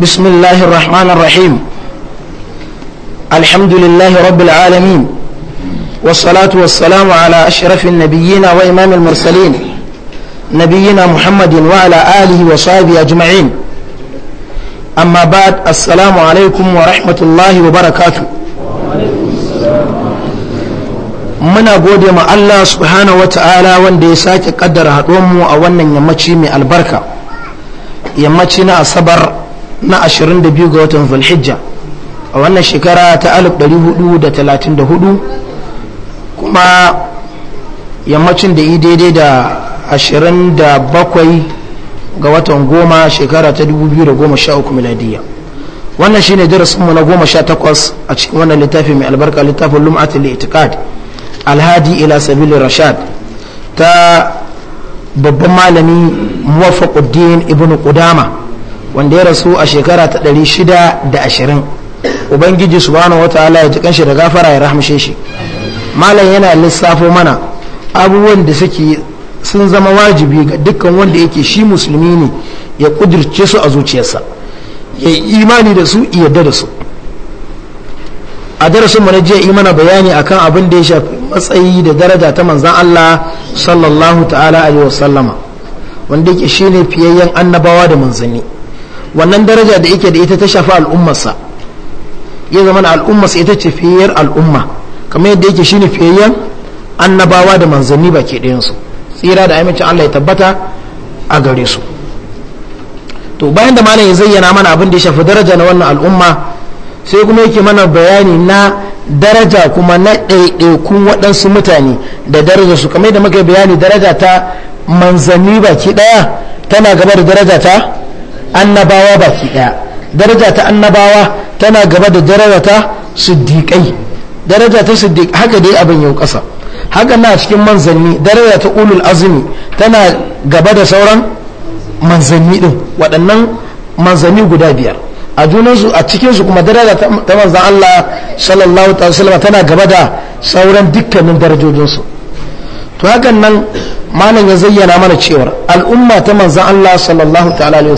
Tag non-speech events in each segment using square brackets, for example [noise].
بسم الله الرحمن الرحيم الحمد لله رب العالمين والصلاة والسلام على أشرف النبيين وإمام المرسلين نبينا محمد وعلى آله وصحبه أجمعين أما بعد السلام عليكم ورحمة الله وبركاته muna gode ma Allah subhanahu wa ta'ala wanda ya sake kaddara mu a wannan yammaci mai albarka yammaci na asabar na 22 ga watan zulhijja a wannan shekara ta 1434 kuma yammacin da yi daidai da 27 ga watan goma shekara ta 2013 miladiyya wannan shine darasinmu na goma sha takwas a cikin wannan littafi mai albarka littafin lum'atul itikad alhadi ila sabilin rashad ta babban malami muwafaquddin ibn qudama wanda ya rasu a shekara ta ɗari shida da ashirin ubangiji subhanahu wataala ya ji kanshi da gafara ya rahmashe shi malam yana lissafo mana abubuwan da suke sun zama wajibi ga dukkan wanda yake shi musulmi ne ya kudurce su a zuciyarsa ya yi imani da su iya da su a darasin mana jiya imana bayani akan abin da ya shafi matsayi da daraja ta manzan Allah sallallahu ta'ala alaihi wasallama wanda yake shine fiyayyen annabawa da manzanni wannan daraja da yake da ita ta shafi al'ummarsa ya zama na al'ummarsa ita ce fiyayyar al'umma kamar yadda yake shine fiyayyen annabawa da manzanni baki ɗayansu tsira da amincin Allah ya tabbata a gare su to bayan da malam ya zayyana mana abin da ya shafi daraja na wannan al'umma sai kuma yake mana bayani na daraja kuma na ɗaiɗaikun waɗansu mutane da daraja su kamar yadda muka yi bayani daraja ta manzanni baki ɗaya tana gaba da daraja ta annabawa baki daya daraja ta annabawa tana gaba da daraja ta siddiƙai daraja ta siddiq haka dai abin yau ƙasa haka na cikin manzanni daraja ta ulul azumi tana gaba da sauran manzanni din waɗannan manzanni guda biyar a junansu a cikinsu kuma daraja ta manzan Allah sallallahu alaihi tana gaba da sauran dukkanin darajojinsu to hakan nan malam ya zayyana mana cewar al'umma ta manzan Allah sallallahu ta'ala alaihi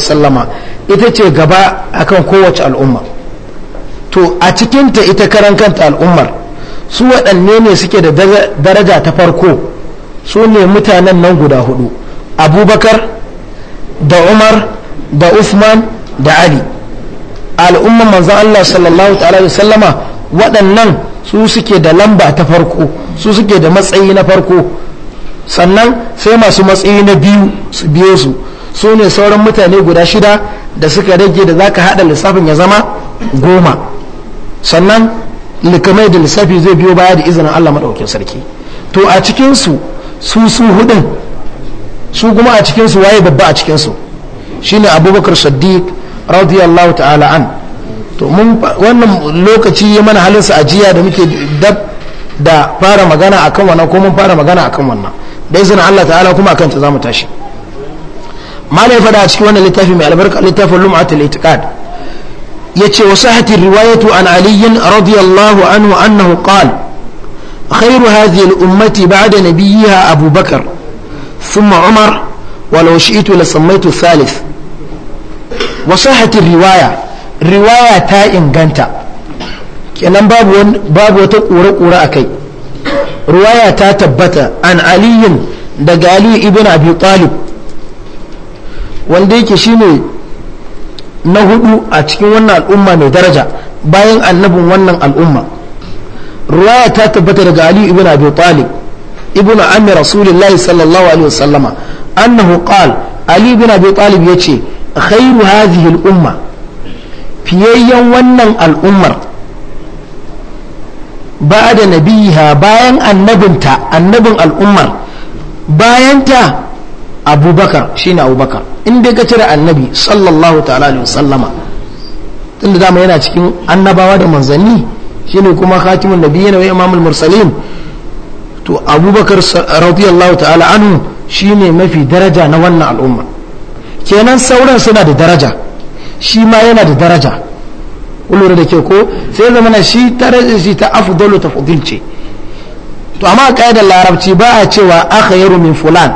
ita ce gaba akan kowace al'umma to a cikinta ita karan kanta al'ummar su waɗanne ne suke da daraja ta farko su ne mutanen nan guda hudu abubakar da umar da usman da ali al'umma manzan Allah sallallahu ta'ala alaihi waɗannan su suke da lamba ta farko su suke da matsayi na farko sannan sai masu matsayi na biyu su biyo su su ne sauran mutane guda shida da suka rage da za ka haɗa lissafin ya zama goma sannan likamai da lissafi zai biyo baya da izinin allah maɗaukin sarki to a cikinsu su su hudun su kuma a cikinsu waye babba a cikinsu shi ne abubakar saddiq radiyallahu ta'ala an to mun wannan lokaci ya mana halinsa ajiya da muke dab da fara magana kan wannan ko mun fara magana akan wannan da izinin Allah ta'ala kuma akan za zamu tashi malai fada a cikin wannan littafi mai albarka littafin lum'atul itiqad yace wa sahati riwayatu an ali radiyallahu anhu annahu qala khairu hadhihi al-ummati ba'da nabiyha abu bakr thumma umar ولو شئت لسميت الثالث وصحت riwaya riwaya ta inganta. kenan babu wata ƙura-ƙura a kai ruwaya ta tabbata an aliyin daga aliyu ibn abi talib wanda yake shine na hudu a cikin wannan al'umma mai daraja bayan annabin wannan al'umma ruwaya ta tabbata daga aliyu ibn abi talib ibn ammi rasulullahi sallallahu alaihi wasallama annahu qal ali ibn abi talib yace khairu hadhihi al'umma fiyayyen wannan al'ummar ba da nabiha bayan annabinta annabin al'ummar bayan ta abubakar shine abubakar inda dai ka cire annabi sallallahu ta'ala alaihi wasallama tunda dama yana cikin annabawa da manzanni shine kuma khatimun nabiyyin wa imamul mursalin to abubakar radiyallahu ta'ala anhu shine mafi daraja na wannan al'umma kenan sauran suna da daraja shi ma yana da daraja kullum da ke ko sai zama na shi darajar shi ta afdalu tafdil ce to amma kaidar larabci ba a cewa akhairu min fulan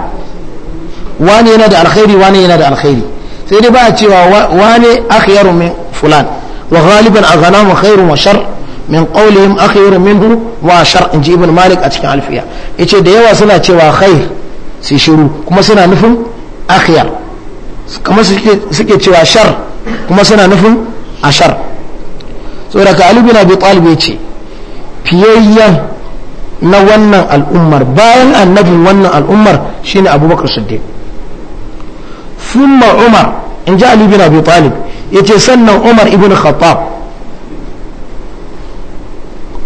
wani yana da alkhairi wani yana da alkhairi sai dai ba a cewa wani akhairu min fulan wa ghaliban aghnamu khairu wa shar min qawlihim akhairu minhu wa shar in ji ibn malik a cikin alfiya yace da yawa suna cewa khair sai shiru kuma suna nufin akhyar kamar suke cewa shar kuma suna nufin ashar tsoraka Ali bin Abi ce fiyayyen na wannan al'ummar bayan annabin wannan al'ummar shine Abubakar Siddiq thumma Umar in ji Ali bin Abi yace sannan Umar ibn Khattab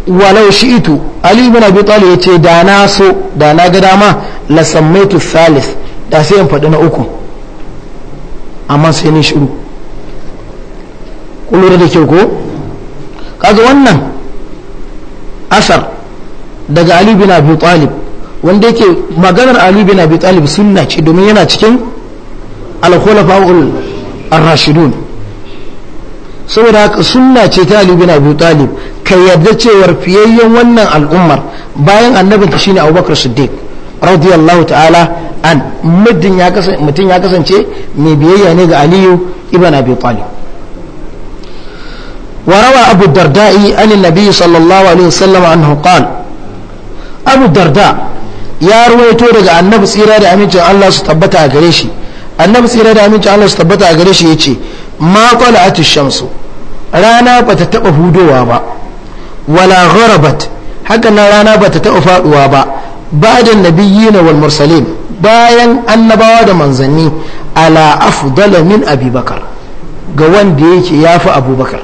walau shi'itu Ali bin Abi Talib yace da na so da na ga dama la sammaitu thalith da sai in faɗi na uku amma sai ni shiru kullu da ke ko kaga wannan asar daga ali bin abi talib wanda yake maganar ali bin abi talib sunna ce domin yana cikin al khulafa ar-rashidun saboda haka sunna ce ta ali bin abi talib kai yarda cewar fiyayyen wannan al'ummar bayan annabinta shine abubakar siddiq radiyallahu ta'ala an mutum ya kasance mai biyayya ne ga aliyu ibn abi talib وروى أبو الدرداء عن النبي صلى الله عليه وسلم عنه قال أبو الدرداء يا رويتو دغ النبي سيرا دا امين الله ستبتا غريشي النبي سيرا دا امين الله ستبتا غريشي يجي ما طلعت الشمس رانا بتتبع هودوا با ولا غربت haka nan rana ba ta taɓa faɗuwa ba ba da nabiyina wal mursalin bayan annabawa da manzanni ala afdala min abubakar ga wanda yake ya fi abubakar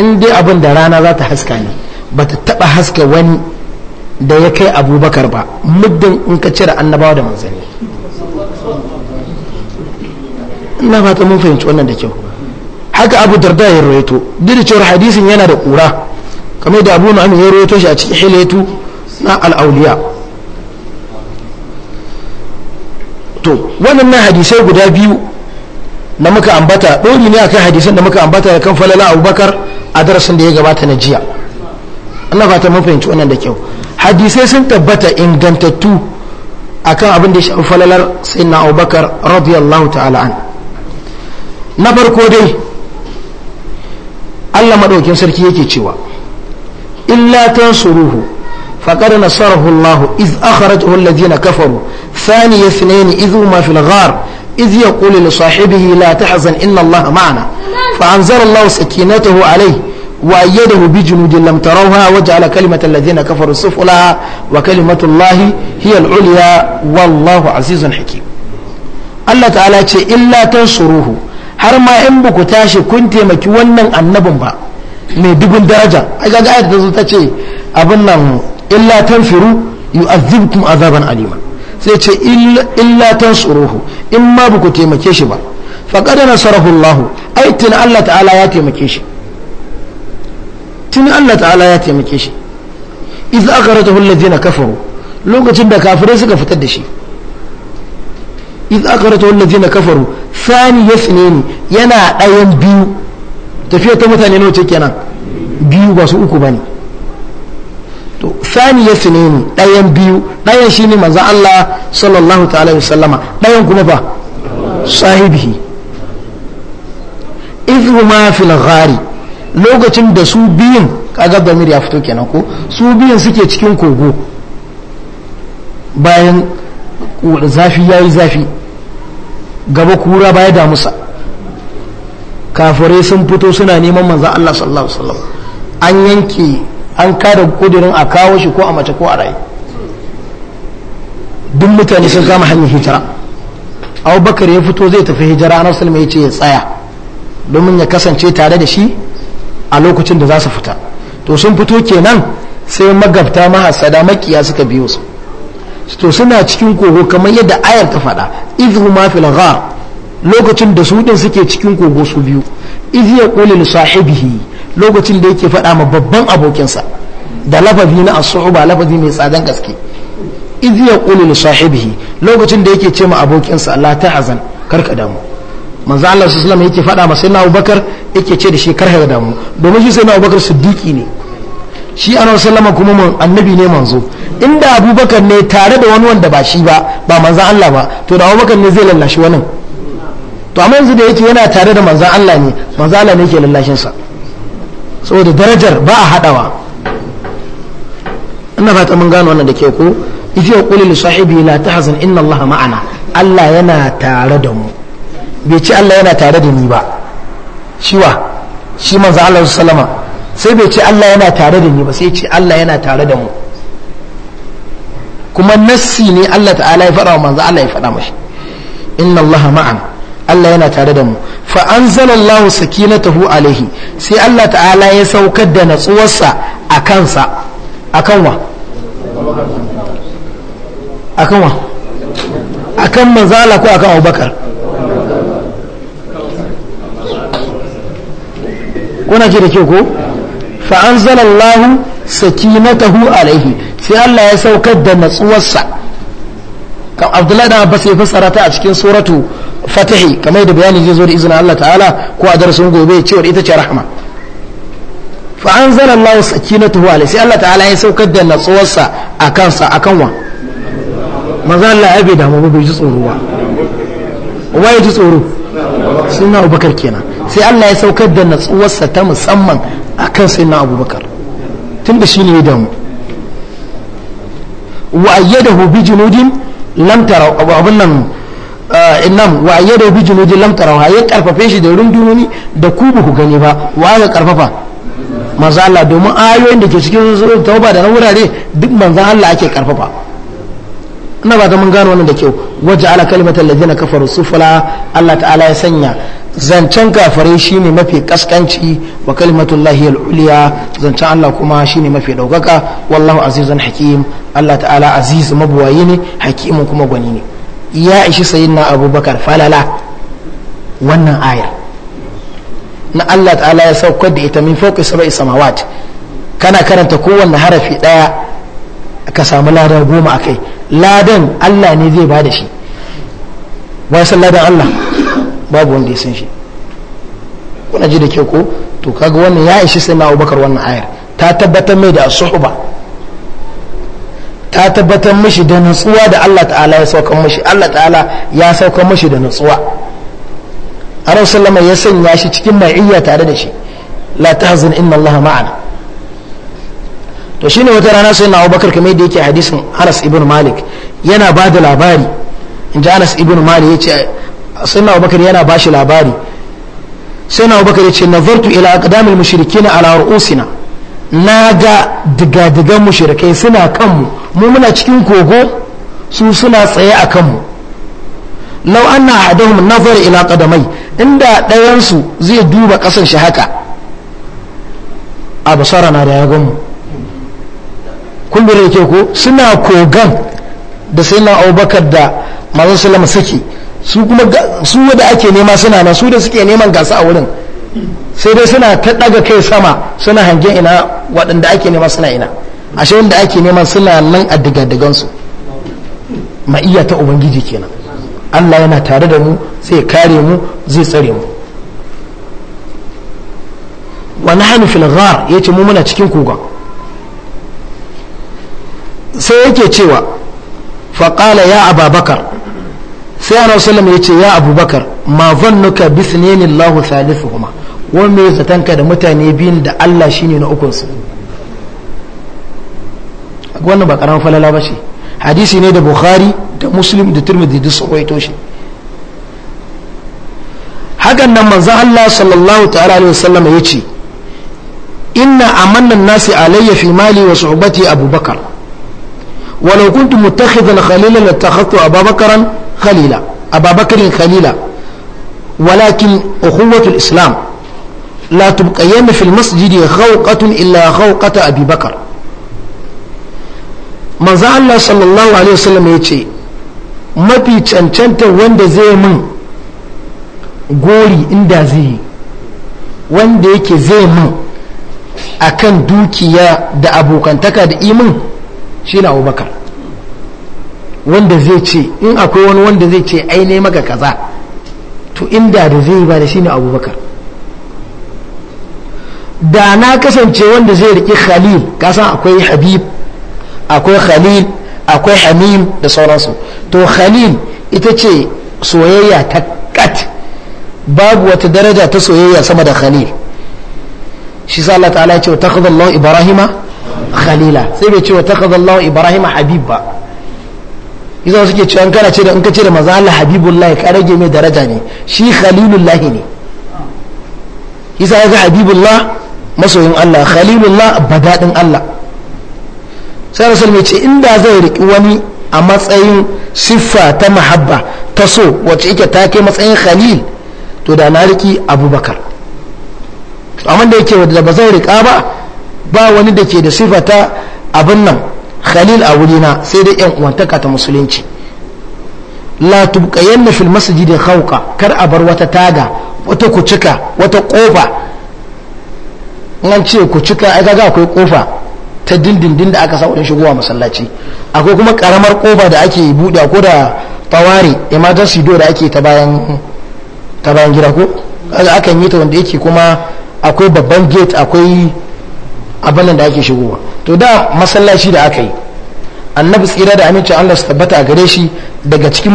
in dai abin da rana za ta haska ne ba ta taɓa haska wani da ya kai abubakar ba muddin in ka cire annabawa da manzanni ina fata mun fahimci wannan da kyau haka abu darda ya rawaito duk da cewar hadisin yana da kura kamar da abu nu'amin ya rawaito shi a cikin hilaitu na al'auliya to wannan hadisai guda biyu na muka ambata ɗori ne akan hadisan da muka ambata da kan falala abubakar a darasin da ya gabata na jiya ina fata mun fahimci wannan da kyau hadisai sun tabbata ingantattu akan abin da ya shafi falalar sayyidina Abubakar radiyallahu ta'ala an na farko dai Allah madaukin sarki yake cewa illa tansuruhu faqad nasarahu Allah iz akhrajahu alladhina kafaru thani ithnain idh ma fil ghar إذ يقول لصاحبه لا تحزن إن الله ma'ana. فأنزل الله سكينته عليه وأيده بجنود لم تروها وجعل كلمة الذين كفروا السفلى وكلمة الله هي العليا والله عزيز حكيم الله تعالى إلا تنصروه har ma in ba ku tashi kun taimaki wannan annabin ba mai dubin daraja ai kaga ayat da zo ta ce abin nan illa tanfiru yu'azzibkum azaban alima sai ce illa tansuruhu in ma ba ku taimake shi ba faqad nasarahu Allah ai tun Allah ta'ala ya taimake shi tun Allah ta'ala ya taimake shi iz akhrajahul ladina kafaru lokacin da kafirai suka fitar da shi iz akhrajahul ladina kafaru thani yasnini yana ɗayan biyu tafiya ta mutane nawa ce kenan biyu ba su uku bane to thani yasnini ɗayan biyu ɗayan shine manzo Allah sallallahu ta'ala wasallama ɗayan kuma ba sahibihi izuma fil ghari lokacin da su biyun kaga damir ya fito kenan ko su biyun suke cikin kogo bayan zafi yayi zafi gaba kura baya da musa kafirai sun fito suna neman manzo Allah sallallahu alaihi wasallam an yanke an kada kudirin a kawo shi ko a mace ko a raye duk mutane sun kama hanyar hijira abubakar ya fito zai tafi hijira na sulma ya ce ya tsaya domin ya kasance tare da shi a lokacin da za su fita to sun fito kenan sai magabta mahasada makiya suka biyo su to suna cikin kogo kamar yadda ayar ta faɗa ma fil ghar lokacin da su din suke cikin kogo su biyu ya yaqulu li sahibihi lokacin da yake faɗa ma babban abokinsa da lafazi na as lafazi mai tsadan gaske ya yaqulu li sahibihi lokacin da yake ce ma abokinsa la kar karka damu manzo Allah sallallahu alaihi yake faɗa masa na Bakar yake ce da shi kar da mu domin shi sai na Abubakar siddiqi ne shi annabi sallama kuma annabi ne manzo inda bakar ne tare da wani wanda ba shi ba ba manzo Allah ba to da abu bakar ne zai lallashi wannan to amma yanzu da yake yana tare da manzo Allah ne manzo Allah ne yake lallashin sa saboda darajar ba a hadawa ina fata mun gano wannan da ke ko ifi ya kuli li sahibi la tahzan inna Allah ma'ana Allah yana tare da mu bai ce Allah yana tare da ni ba shiwa shi manzo Allah sallama sai bai ce Allah yana tare da ni ba sai ce Allah yana tare da mu kuma nassi ne Allah ta'ala ya faɗa wa manzo Allah ya faɗa mashi inna Allah ma'an Allah yana tare da mu fa anzalallahu sakinatahu alaihi sai Allah ta'ala ya saukar da natsuwarsa a kansa akan wa akan wa akan manzo Allah ko akan Abubakar kuna ji da ke ko fa anzalallahu sakinatahu alaihi sai Allah ya saukar da natsuwarsa kam Abdullahi da Abbas ya fassara ta a cikin suratu Fatihi kamar da bayani zai zo da izinin Allah ta'ala ko a darasin gobe cewa ita ce rahama. fa anzalallahu sakinatahu alaihi sai Allah ta'ala ya saukar da natsuwarsa a kansa akan wa manzo Allah ya bai damu ba bai ji tsoro ba wai ji tsoro sayyidina abubakar kenan sai Allah ya saukar da natsuwarsa ta musamman akan sayyidina abubakar tunda shine ya damu wa ayyadahu bi junudin lam taraw abun nan eh, innam wa ayyadahu bi junudin lam taraw ya karfafe shi da rundunoni da ku ba ku gani ba wa ya karfafa manzo Allah domin ayoyin da ke cikin suratul tauba da na wurare duk manzo Allah ake karfafa ina ba ta mun gano wannan da kyau waja'ala kalimatal ladina kafaru sufla Allah ta'ala ya sanya zancen kafare shine mafi kaskanci wa kalimatullahi al-ulya zancen Allah kuma shine mafi daukaka wallahu azizun hakim Allah ta'ala aziz mabuwayi ne hakimin kuma gwani ne ya ishi sayyidina abubakar falala wannan aya na Allah ta'ala ya saukar da ita min fawqi sab'i samawat kana karanta kowanne harafi daya ka samu lada goma akai ladan Allah ne zai bada shi wai san ladan Allah babu wanda ya san shi kuna ji da kyau ko to kaga wannan ya ishi sai na abubakar wannan ayar ta tabbatar mai da suhuba ta tabbatar mishi da nutsuwa da Allah ta'ala ya saukan mishi Allah ta'ala ya saukan mishi da nutsuwa a sallama ya sanya shi cikin ma'iyya tare da shi la tahzan inna Allah ma'ana to shine wata rana sai na abubakar kamar yadda yake hadisin anas ibn malik yana ba da labari in ji anas ibn malik ya ce sai na abubakar yana ba shi labari sai na abubakar ya ce nazartu ila aqdamil mushrikin ala ru'usina na ga digadigan mushrikai suna kanmu mu muna cikin kogo su suna tsaye a kanmu lau anna ahaduhum nazar ila qadamai inda ɗayansu zai duba ƙasan shi haka a basara na da ya mu kun da ke ko suna kogan da sai na abubakar da mazan salama suke su kuma su da ake nema suna nan su da suke neman gasa a wurin sai dai suna ta daga kai sama suna hangen ina waɗanda ake nema suna ina ashe wanda ake neman suna nan a digadigansu maiya ta ubangiji kenan Allah yana tare da mu sai kare mu zai tsare mu Wani nahnu fil ya ce mu muna cikin kogon sai yake cewa faƙala ya ababakar sai ana sallam ya ce ya abubakar ma zannuka bisneni allahu kuma wani mai zatanka da mutane biyun da allah shine na ukunsu wannan ba karamin falala ba ce hadisi ne da bukhari da muslim da turmidi da su kwaito shi hakan nan manzan allah sallallahu ta'ala alaihi wasallam ya ce inna amannan nasi alayya fi mali wa su'ubati abubakar ولو كنت متخذا خليلا لاتخذت أبا بكر خليلا أبا بكر خليلا ولكن أخوة الإسلام لا تبقين في المسجد خوقة إلا خوقة أبي بكر manzo Allah sallallahu alaihi wasallam ya ce mafi cancanta wanda zai mun gori inda zai yi wanda yake zai mun akan dukiya da abokantaka da imin shi na abubakar wanda zai ce in akwai wani wanda zai ce ai ne maka kaza to inda da zai ba da shi ne abubakar da na kasance wanda zai riƙi khalil kasan akwai habib akwai khalil akwai hamim da sauransu to khalil ita ce soyayya ta kat babu wata daraja ta soyayya sama da khalil shi sa Allah ta'ala ya ce ta khadallahu ibrahima khalila sai bai ce wa takazallahu ibrahim habib ba idan suke cewa kana ce da in ka ce da manzo Allah habibullahi ka rage mai daraja ne shi khalilullahi ne isa ya ga habibullah masoyin Allah khalilullah badadin Allah sai rasul mai ce inda zai riki wani a matsayin siffa ta mahabba ta so wacce yake ta kai matsayin khalil to da na riki abubakar amma da yake da ba zai rika ba ba wani da ke da sifata abin nan khalil a wurina sai dai yan uwantaka ta musulunci la tubqayan fil masjidi khawqa kar a bar wata taga wata kucika wata kofa an ce kucika ai kaga akwai kofa ta dindindin da aka sa wajen shigowa masallaci akwai kuma karamar kofa da ake buɗe ko da tawari emergency door da ake ta bayan ta bayan gida ko akan yi ta wanda yake kuma akwai babban gate akwai abin da ake shigowa to da masallaci da aka yi annabi tsira da amincin Allah su tabbata a gare shi daga cikin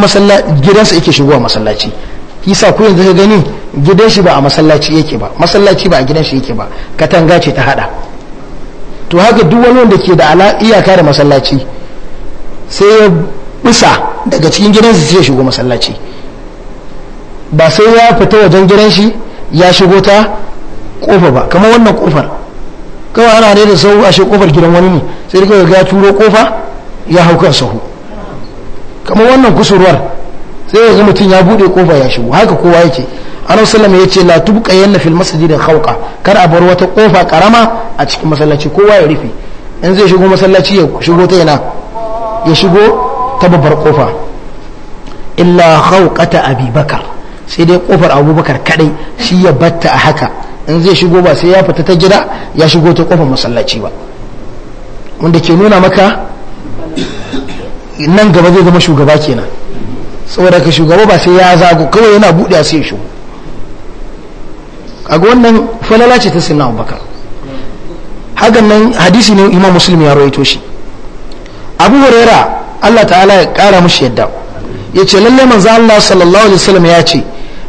gidansa yake shigowa masallaci kisa ku yanzu ka gani gidan shi ba a masallaci yake ba masallaci ba a gidan shi yake ba katanga ce ta hada to haka duk wani wanda ke da ala iyaka da masallaci sai ya bisa daga cikin gidansa sai ya shigo masallaci ba sai ya fita wajen gidan shi ya shigo ta kofa ba kamar wannan kofar kawai ana ne da sahu ashe kofar gidan wani ne sai da kawai ga turo kofa ya hau kan sahu kamar wannan kusurwar sai ya ga mutum ya bude kofa ya shigo haka kowa yake annabi sallallahu ya ce la tubqa yanna fil da hauka kar a bar wata kofa karama a cikin masallaci kowa ya rufe in zai shigo masallaci ya shigo ta yana ya shigo ta babbar kofa illa khawqata abubakar sai dai kofar abubakar kadai shi ya batta a haka in zai shigo ba sai ya fita ta gida ya shigo ta kofar masallaci ba wanda ke nuna maka nan gaba zai zama shugaba kenan saboda ka shugaba ba sai ya zago kawai yana buɗe sai ya shigo kaga wannan falala ce ta sinna abubakar hakan nan hadisi ne imam muslim ya rawaito shi abu huraira allah ta'ala ya kara mushi yadda yace ce lalle manzo allah sallallahu alaihi wasallam ya ce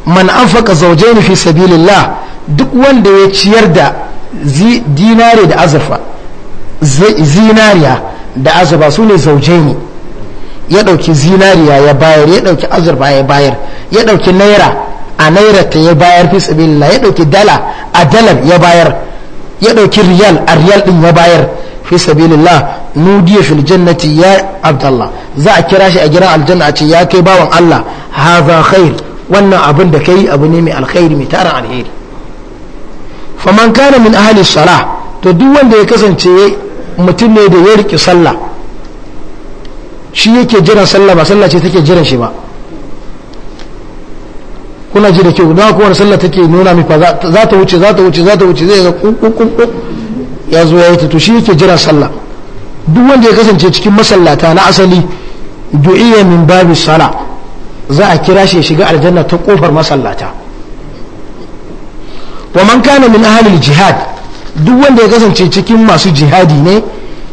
man anfaqa zawjayn fi sabilillah duk wanda ya ciyar da da azurfa zinariya da azurfa su ne zauje ne ya ɗauki zinariya ya bayar ya ɗauki azurfa ya bayar ya ɗauki naira a naira ta ya bayar fi sabilillah ya ɗauki dala a dalar ya bayar ya ɗauki riyal a riyal ɗin ya bayar fi sabilillah nudiya fil jannati ya abdallah za a kira shi a gidan aljanna a ce ya kai bawan Allah haza khair wannan abin da kai abu ne mai alkhairi mai tarin alheri faman kana min ahli salah to duk wanda ya kasance mutum ne da ya riƙe sallah shi yake jiran sallah ba sallah ce take jiran shi ba kuna ji da kyau don haka wani sallah take nuna mi fa za ta wuce za ta wuce za ta wuce zai ga kukukukuk ya zo ya yi ta to shi yake jiran sallah duk wanda ya kasance cikin masallata na asali du'iya min babu sala za a kira shi ya shiga aljanna ta kofar masallata wa man kana min jihad duk wanda ya kasance cikin masu jihadi ne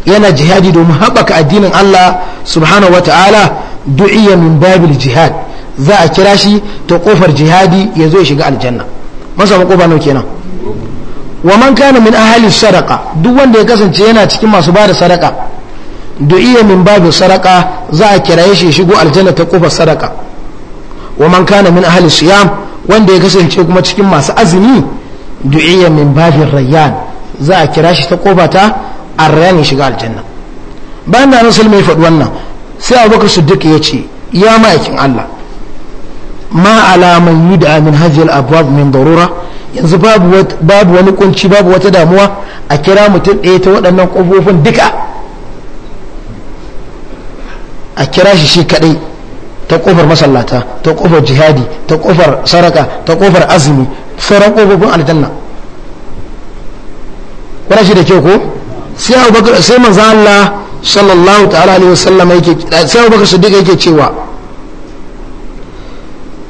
yana jihadi domin haɓaka addinin Allah subhanahu ta'ala du'iya min babil jihad za a kira shi ta kofar jihadi ya zo ya shiga aljanna masa ma kofa kenan wa man kana min ahli duk wanda ya kasance yana cikin masu ba da sadaka du'iya min sadaƙa sadaka za a kiraye shi shigo aljanna ta kofar sadaka wa man kana min ahli siyam wanda ya kasance kuma cikin masu azumi du'iyya min babin rayyan za a kira shi ta kofa ta arrayan ya shiga aljanna bayan da rasul mai faɗi wannan sai abubakar siddiq ya ce ya ma'aikin allah ma alaman yuda amin hajjal abwab min darura yanzu babu wani kunci babu wata damuwa a kira mutum ɗaya ta waɗannan ƙofofin duka a kira shi shi kaɗai ta ƙofar masallata ta ƙofar jihadi ta ƙofar saraka ta ƙofar azumi sauran ƙofofin aljanna wani shi da ke ko sai abubakar sai manzo Allah sallallahu ta'ala alaihi wasallam yake sai abubakar siddiq yake cewa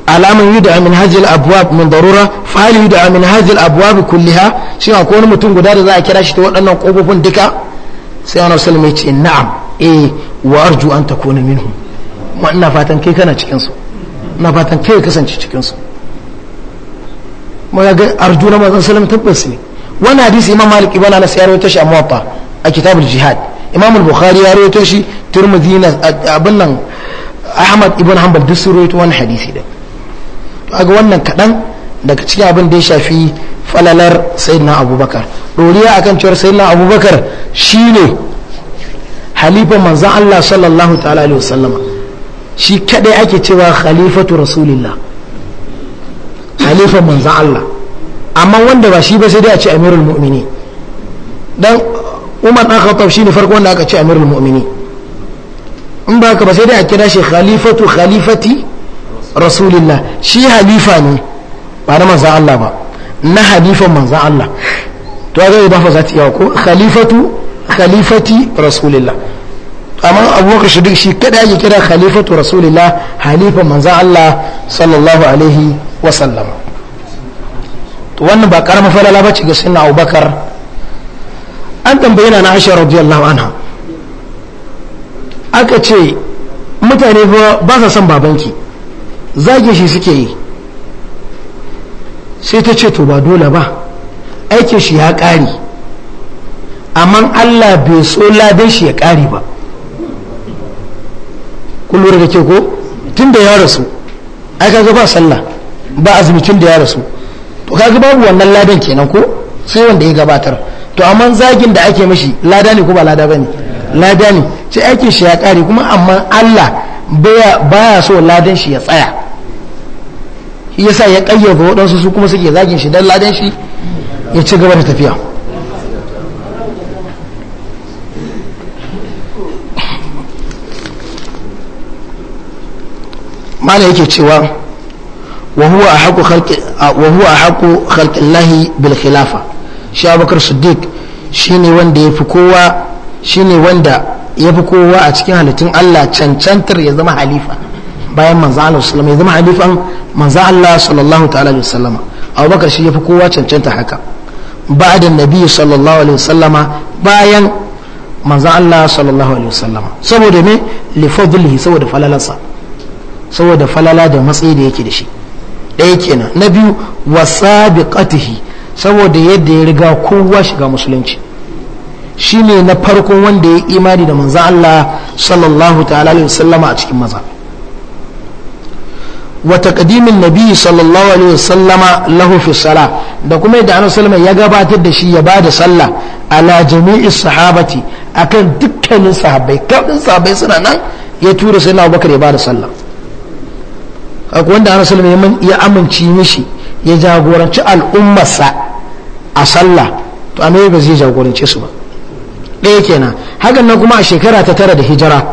alaman yuda min hajjil abwab min darura fa'al yuda min hajjil abwab kulliha shi akwai wani mutum guda da za a kira shi ta waɗannan ƙofofin duka sai annabi sallallahu ya ce na'am eh wa arju an takuna minhum ina fatan kai kana cikin su ina fatan kai kasance cikin su muna ga arju na mazan salam tabbas ne wannan hadisi imam malik ibn anas ya rawaito shi a muwatta a kitabul jihad imam bukhari ya rawaito shi turmudi na abin nan ahmad ibn hanbal duk sun rawaito hadisi din to ga wannan kadan daga cikin abin da ya shafi falalar sayyidina abubakar doriya akan cewar sayyidina abubakar shine halifa manzon Allah sallallahu ta'ala alaihi wasallama shi kadai ake cewa khalifatu rasulillah halifan manzan Allah amma wanda ba shi ba sai dai a ce amirul mu'mini dan umar dan khattab shine farko wanda aka ce amirul mu'mini in ba ka ba sai dai a kira shi khalifatu khalifati rasulillah shi halifa ne ba na manzan Allah ba na halifan manzan Allah to ga ba fa za ta iya ko khalifatu khalifati rasulillah amma abubakar shiddiq shi kada ya kira khalifatu rasulillah halifan manzan Allah sallallahu alaihi wa sallam wannan ba karamin falala ba ce ga sunna abubakar an tambayi na aisha radiyallahu anha aka ce mutane ba sa son babanki zage shi suke yi sai ta ce to ba dole ba aikin shi ya ƙari amma allah bai so ladan shi ya ƙari ba kullum da ke ko tun da ya rasu aka ga ba sallah ba tun da ya rasu to kaga babu wannan ladan kenan ko sai wanda ya gabatar to amma zagin da ake mashi lada ne ko ba lada bane lada ne sai aikin shi ya kare kuma amma Allah baya baya so ladan shi ya tsaya yasa ya kayyaba waɗansu su kuma suke zagin shi dan ladan shi ya ci gaba da tafiya mana yake cewa وهو أحق خلق وهو أحق خلق الله بالخلافة شي أبو بكر الصديق شيني وندا يفكوا شيني وندا يفكوا أتكين هالتين الله تشنتر يزما حليفة bayan manzo Allah ya zama halifan manzo Allah sallallahu ta'ala alaihi wasallama Abu Bakar shi yafi kowa cancanta haka ba'da nabi sallallahu alaihi wasallama bayan manzo Allah sallallahu alaihi wasallama saboda me li fadlihi saboda falalansa falala da matsayi da yake da shi ɗaya kenan na biyu wasabiqatihi saboda yadda ya riga kowa shiga musulunci shine na farkon wanda ya imani da manzan Allah sallallahu ta'ala alaihi wasallama a cikin maza wa na nabi sallallahu alaihi wasallama lahu fi da kuma yadda annabi sallama ya gabatar da shi ya ba da sallah ala jami'i sahabati akan dukkanin sahabai kafin sahabbai suna nan ya tura sai na Abubakar ya ba da sallah wanda ana sallam ya amince mishi ya jagoranci al'ummarsa a sallah to annabi ba zai jagorance su ba ɗaya kenan hakan nan kuma a shekara ta tara da hijira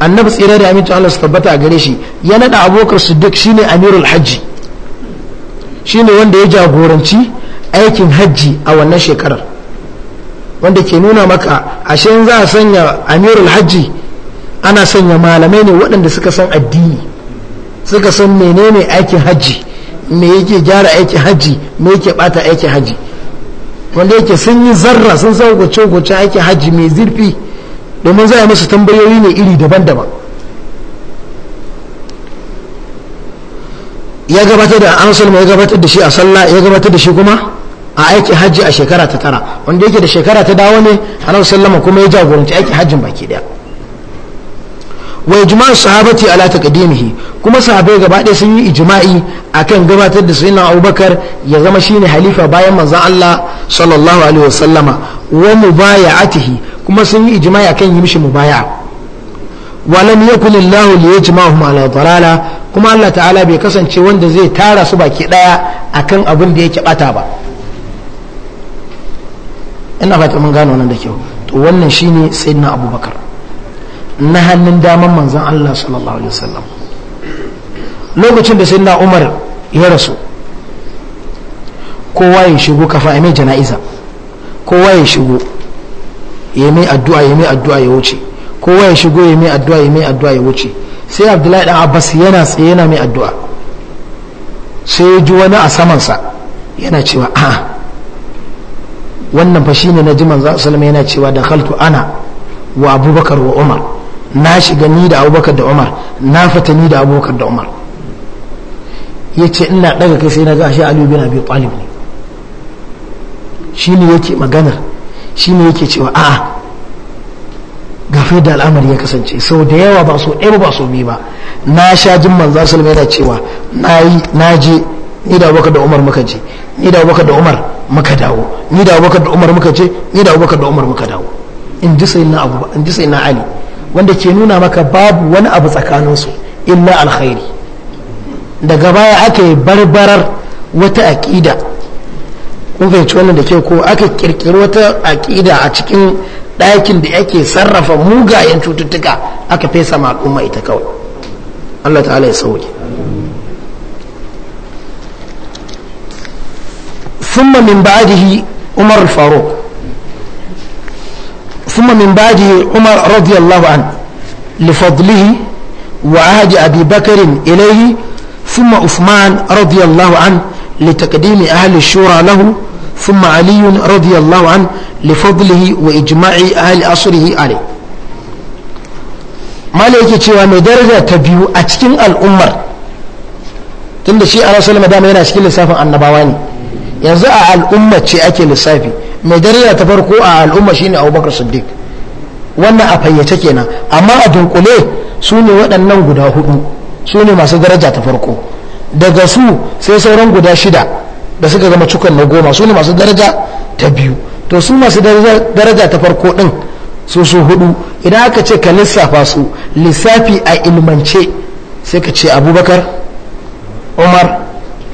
annabi tsira da amincin Allah su tabbata a gare shi ya nada abokar duk shine amirul hajji shine wanda ya jagoranci aikin hajji a wannan shekarar wanda ke nuna maka ashe za a sanya amirul hajji ana sanya malamai ne waɗanda suka san addini suka san menene aikin hajji me yake gyara aikin hajji me yake bata aikin hajji wanda yake sun yi zarra sun san gwace-gwace aikin hajji mai zurfi domin za a musu tambayoyi ne iri daban-daban ya gabatar da amsal ya gabatar da shi a sallah ya gabatar da shi kuma a aikin hajji a shekara ta tara wanda yake da shekara ta dawo ne a sallama kuma ya jagoranci aikin hajjin baki daya wa jima'an sahabati ala taqdimihi kuma sahabbai gaba ɗaya sun yi ijma'i akan gabatar da sayyidina Abubakar ya zama shine halifa bayan manzon Allah sallallahu alaihi wasallama wa mubaya'atihi kuma sun yi ijma'i akan yi mishi mubaya wa lam yakun Allah li yajma'ahum ala dalala kuma Allah ta'ala bai kasance wanda zai tara su baki daya akan abin da yake bata ba ina fata mun gano nan da kyau to wannan shine sayyidina Abubakar na hannun daman manzan Allah sallallahu alaihi wasallam lokacin da na Umar ya rasu kowa ya shigo kafa ya mai jana'iza kowa ya shigo ya mai addu'a ya mai addu'a ya wuce kowa ya shigo ya mai addu'a ya mai addu'a ya wuce sai Abdullahi dan Abbas yana tsaye yana mai addu'a sai ya ji wani a samansa yana cewa a wannan fa shine na ji manzo sallallahu alaihi wasallam yana cewa da khaltu ana wa abubakar wa umar na shiga ni da abubakar da umar na fata ni da abubakar da umar ya ce ina daga kai sai na ga shi aliyu bin abi talib ne shi ne yake maganar shi ne yake cewa a'a gafe da al'amari ya kasance sau da yawa ba so ɗaya ba so biyu ba na sha jin manza sulma yana cewa na je ni da abubakar da umar muka je ni da abubakar da umar muka dawo ni da abubakar da umar muka je ni da abubakar da umar muka dawo in ji sai na ali wanda ke nuna maka babu wani abu tsakaninsu illa alkhairi daga baya aka yi barbarar wata aƙida kun fahimci wannan da ke ko aka kirkiri wata aƙida a cikin ɗakin da yake sarrafa mugayen cututtuka aka fesa ma al'umma ita kawai Allah ta'ala ya sauke ثم من بعده عمر الفاروق ثم من بعده عمر رضي الله عنه لفضله وعهد أبي بكر إليه ثم عثمان رضي الله عنه لتقديم أهل الشورى له ثم علي رضي الله عنه لفضله وإجماع أهل أصره عليه mala yake cewa mai daraja ta biyu a cikin al'ummar tunda shi a rasulun madama yana cikin lissafin annabawa ne yanzu a al'umma ce ake lissafi mai daraja ta farko a al'umma shine abubakar siddiq wannan a fayyace kenan amma a dunkule su ne waɗannan guda hudu su ne masu daraja ta farko daga su sai sauran guda shida da suka gama cikon na goma su ne masu daraja ta biyu to su masu daraja ta farko din su su hudu idan aka ce ka lissafa su lissafi a ilmance sai ka ce abubakar umar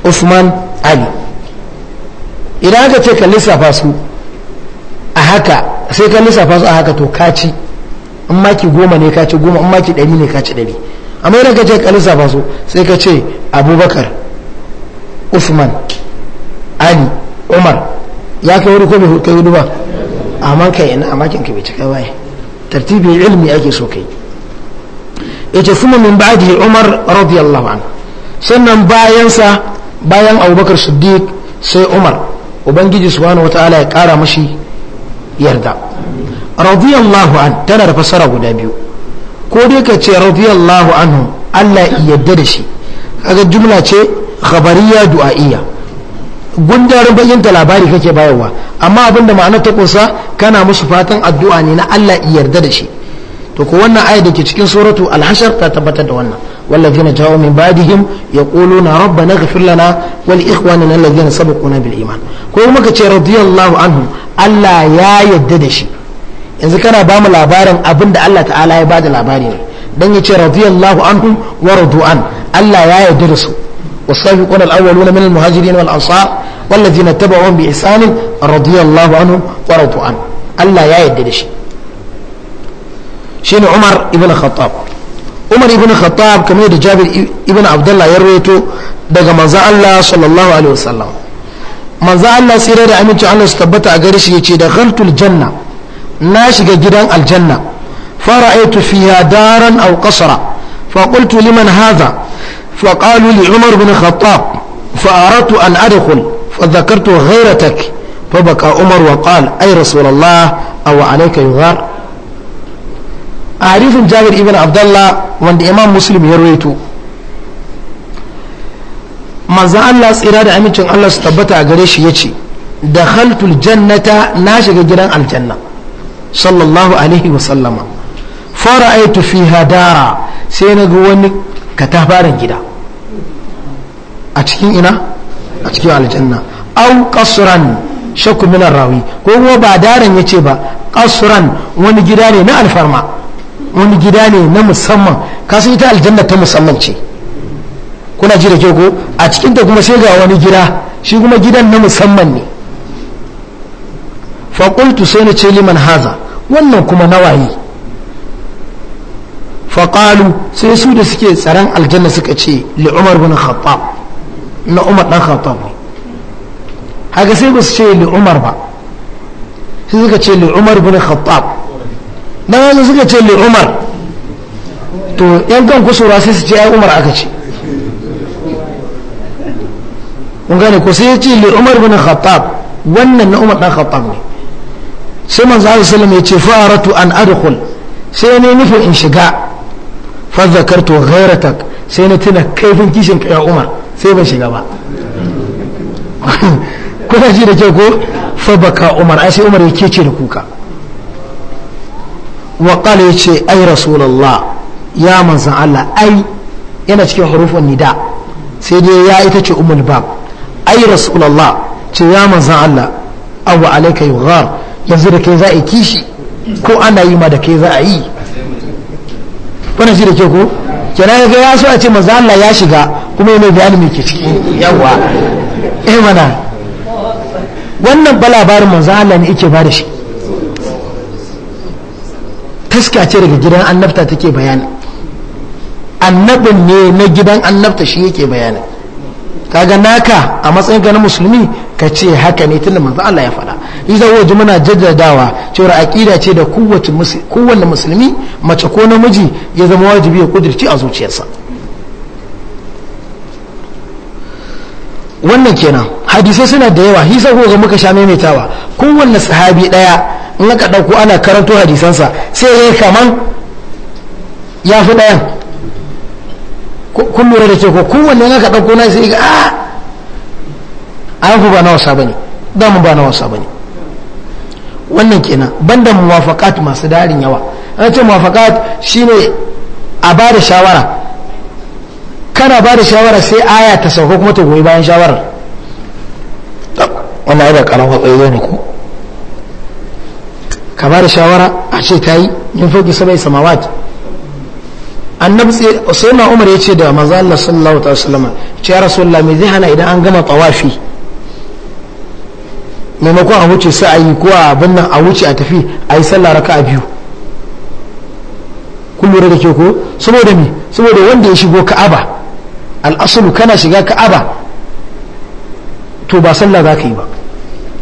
usman ali idan aka ce ka lissafa su a haka sai ka lissafa su a haka to ka ci in maki goma ne ka ci goma in maki ɗari ne ka ci ɗari amma idan ka ce ka lissafa su sai ka ce abubakar usman ali umar ya kai wuri ko bai kai wuri ba amma kai ina makin ka bai cika ba tartibin ilmi ake so kai ita suma min ba'adi umar radiyallahu anhu sannan bayansa bayan abubakar siddiq sai umar ubangiji subhanahu wataala ya kara mashi yarda radiyallahu an tana da fasara guda biyu ko dai ka ce radiyallahu anhu Allah ya yarda da shi kaga jumla ce khabariya du'a'iyya gundarin bayyanta labari kake bayarwa amma abinda ma'ana ta kusa kana musu fatan addu'a ne na Allah ya yarda da shi to ko wannan da ke cikin suratu al ta tabbatar da wannan wallazina ja'u min ba'dihim yaquluna rabbana ighfir lana wal ikhwanana allazina sabaquna bil iman ko kuma kace radiyallahu anhu Allah ya yadda da shi yanzu kana bamu mu labarin abinda Allah ta'ala ya bada labari ne dan yace radiyallahu anhu wa radu'an Allah ya yadda da su والسابقون الأولون من المهاجرين والأنصار والذين اتبعوهم بإحسان رضي الله عنهم allah ya الله da shi. shine Umar ibn Khattab Umar ibn Khattab kamar da Jabir ibn Abdullah ya rawaito daga manzo Allah sallallahu alaihi wasallam manzo Allah sirri da aminci Allah su tabbata a gare shi ce da khaltul janna na shiga gidan aljanna fara'aytu fiha daran aw qasra fa qultu liman hadha fa qalu li Umar ibn Khattab fa aradtu an adkhul fa dhakartu ghayratak فبكى عمر وقال أي رسول الله أو عليك يغار a harifin jihar ibn abdullah wanda imam muslim ya rawaito manzan allah tsira da amincin allah su tabbata a gare shi ya ce da haltul jannata na shiga gidan aljanna sallallahu alaihi wasallama fara'aitu fi hadara sai na ga wani katafaren gida a cikin ina a cikin aljanna au kasuran shakku minar rawi ko kuma ba daren ya ce ba kasuran wani gida ne na alfarma wani gida ne na musamman kasan ita aljanna ta musamman ce kuna ji da ke ko a cikin ta kuma sai ga wani gida shi kuma gidan na musamman ne faƙultu sai na ce liman haza wannan kuma nawaye faƙalu sai su da suke tsaron aljanna suka ce li umar bin khattab na umar dan khattab haka sai ba su ce li umar ba sai suka ce li umar bin khattab dan wasu suka ce li umar to yan kan kusura sai su ce ai umar aka ce kun gane ko sai ya ce li umar bin khattab wannan na umar dan khattab ne sai manzo Allah sallallahu ya ce fa'aratu an adkhul sai ne nufin in shiga fa zakartu ghairatak sai na tuna kaifin kishin ka ya umar sai ban shiga ba [laughs] kuna ji da ke ko fa baka umar ai sai umar yake ce da kuka wa qala yace ai rasulullah ya manzan Allah ai yana cikin hurufin nida sai dai ya ita ce umul bab ai rasulullah ce ya manzan Allah abu alayka yughar yanzu da kai za a kishi ko ana yi ma da kai za a yi wannan shi da ke ko kenan ga ya so a ce ya shiga kuma yana bayani me yawa eh wannan ba labarin Allah ne yake ba da shi fuska ce daga gidan annabta take bayani annabin ne na gidan annabta shi yake bayani kaga naka a matsayin ka na musulmi ka ce haka ne tunda manzo Allah ya faɗa zai waje muna jaddadawa cewa aqida ce da kowace kowanne musulmi mace ko namiji ya zama wajibi ya kudurci a zuciyarsa wannan kenan hadisai suna da yawa hisa ko ga muka sha maimaitawa kowanne sahabi ɗaya. in ka ɗauko ana karanto hadisansa sai ya yi kaman ya fi ɗayan kun da ke ko kowanne in ka ɗauko na sai ga a a yanku ba na wasa ba ne damu ba na wasa ba ne wannan kenan banda muwafaƙat masu darin yawa an ce muwafaƙat ne a ba da shawara kana ba da shawara sai aya ta sauka kuma ta goyi bayan shawarar wannan ya da ƙaran zai ne ko ka ba da shawara a ce ta yi yin fauki sabai samawat annabi sai na umar ya ce da manzo Allah sallallahu alaihi wasallam ce ya rasulullah Lami zai hana idan an gama tawafi maimakon a wuce sai a yi ko a abin nan a wuce a tafi a yi sallar raka a biyu kun lura da ke ko saboda me saboda wanda ya shigo ka'aba al'asulu kana shiga ka'aba to ba sallah za ka yi ba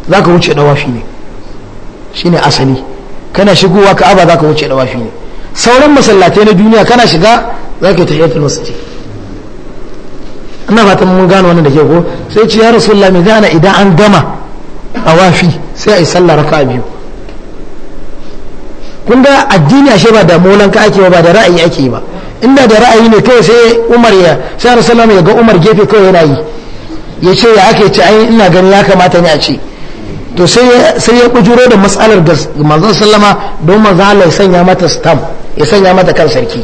za ka wuce ɗawafi ne ne asali kana shigowa ka'aba za ka wuce da wafi ne sauran masallatai na duniya kana shiga za ka yi tahiyatul masjid ina fatan mun gano wani da ke ko sai ce ya rasulullah me gana idan an gama a wafi sai a yi sallah raka'a biyu kun ga addini ashe ba da molan ka ake ba da ra'ayi ake ba inda da ra'ayi ne kai sai Umar ya sai rasulullah ya ga Umar gefe kawai yana yi ya ce ya ake ci ai ina ganin ya kamata ne a ce to sai ya kujiro da matsalar da manzon sallama don manzo ya sanya mata stamp ya sanya mata kan sarki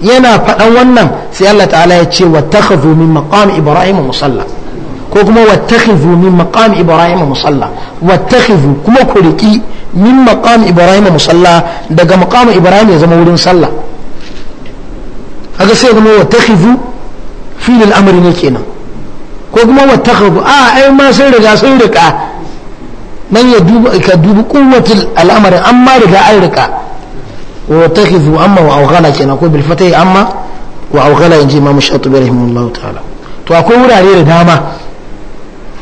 yana faɗan wannan sai Allah ta'ala ya ce wattakhadhu min maqam ibrahim musalla ko kuma wattakhadhu min maqam ibrahim musalla wattakhadhu kuma ku riki min maqam ibrahim musalla daga maqam ibrahim ya zama wurin sallah kaga sai ya zama wattakhadhu fi'il al-amri ne kenan ko kuma wata hafu a ai ma sun riga sun rika nan ya duba ka dubi kuwatul al'amarin amma riga an rika wa takhizu amma wa awghala kenan ko bil fatahi amma wa awghala inji imam shatibi rahimahullahu ta'ala to akwai wurare da dama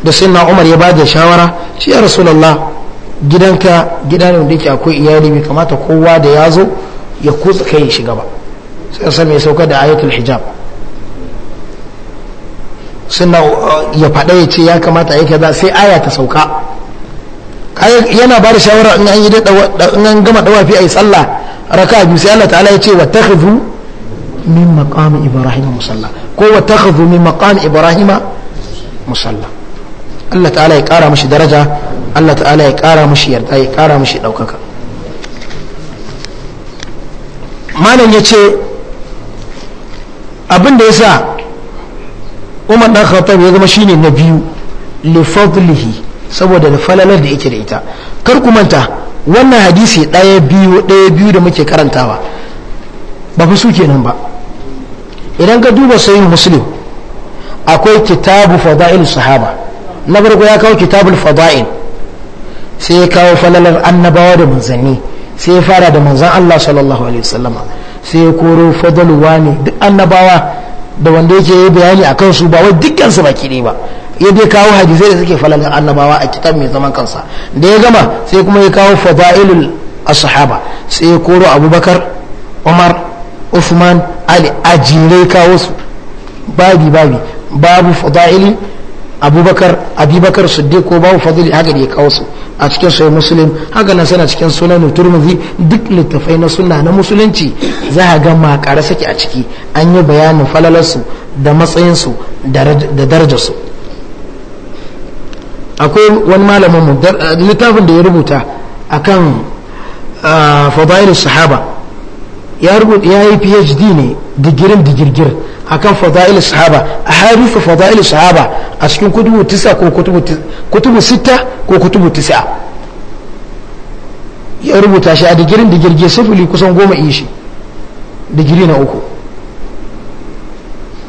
da sunna umar ya bada shawara shi ya rasulullah gidanka gidan da yake akwai iyali bai kamata kowa da ya zo ya kutsa kai ya shiga ba sai sai mai sauka da ayatul hijab suna uh, ya faɗa ya ce ya kamata ya kaza sai aya ta sauka yana ba da shawara in an yi in an gama dawafi a yi tsalla raka biyu sai Allah ta'ala ya ce wa takhudhu min maqami ibrahim musalla ko wa takhudhu min maqami ibrahim musalla Allah ta'ala ya kara mashi daraja Allah ta'ala ya kara mashi yarda ya kara mashi daukaka malam ya ce abin da ya sa umar dan khattab ya zama shine na biyu li fadlihi saboda da falalar da yake da ita kar ku manta wannan hadisi ɗaya biyu ɗaya biyu da muke karantawa ba fi su kenan ba idan ka duba sayin muslim akwai kitabu fada'il sahaba na farko ya kawo kitabul fada'il sai ya kawo falalar annabawa da manzanni sai ya fara da manzan Allah sallallahu alaihi wasallama sai ya koro fadalwa ne duk annabawa da wanda yake yi bayani akan su ba wai dukkan ba kiɗe ba ya kawo hadisai da suke falalin annabawa a kitab mai zaman kansa da ya gama sai kuma ya kawo fadailul ashaba sai ya koro abubakar umar usman ali ajire kawo su babi babi babu fadailin. abubakar abubakar siddiq ko babu fadili haka da ya kawo su a cikin sahih muslim haka nan sana cikin sunan turmuzi duk littafai na sunna na musulunci za a ga makare saki a ciki an yi bayanin falalarsu da matsayinsu da darajarsu akwai wani malamin mu littafin da ya rubuta akan fadailu sahaba ya yi phd ne digirin digirgir akan fada'il sahaba a harifu fada'il sahaba a cikin kutubu tisa ko kutubu sita ko kutubu tisa ya rubuta shi a digirin digirge sifili kusan goma in shi digiri na uku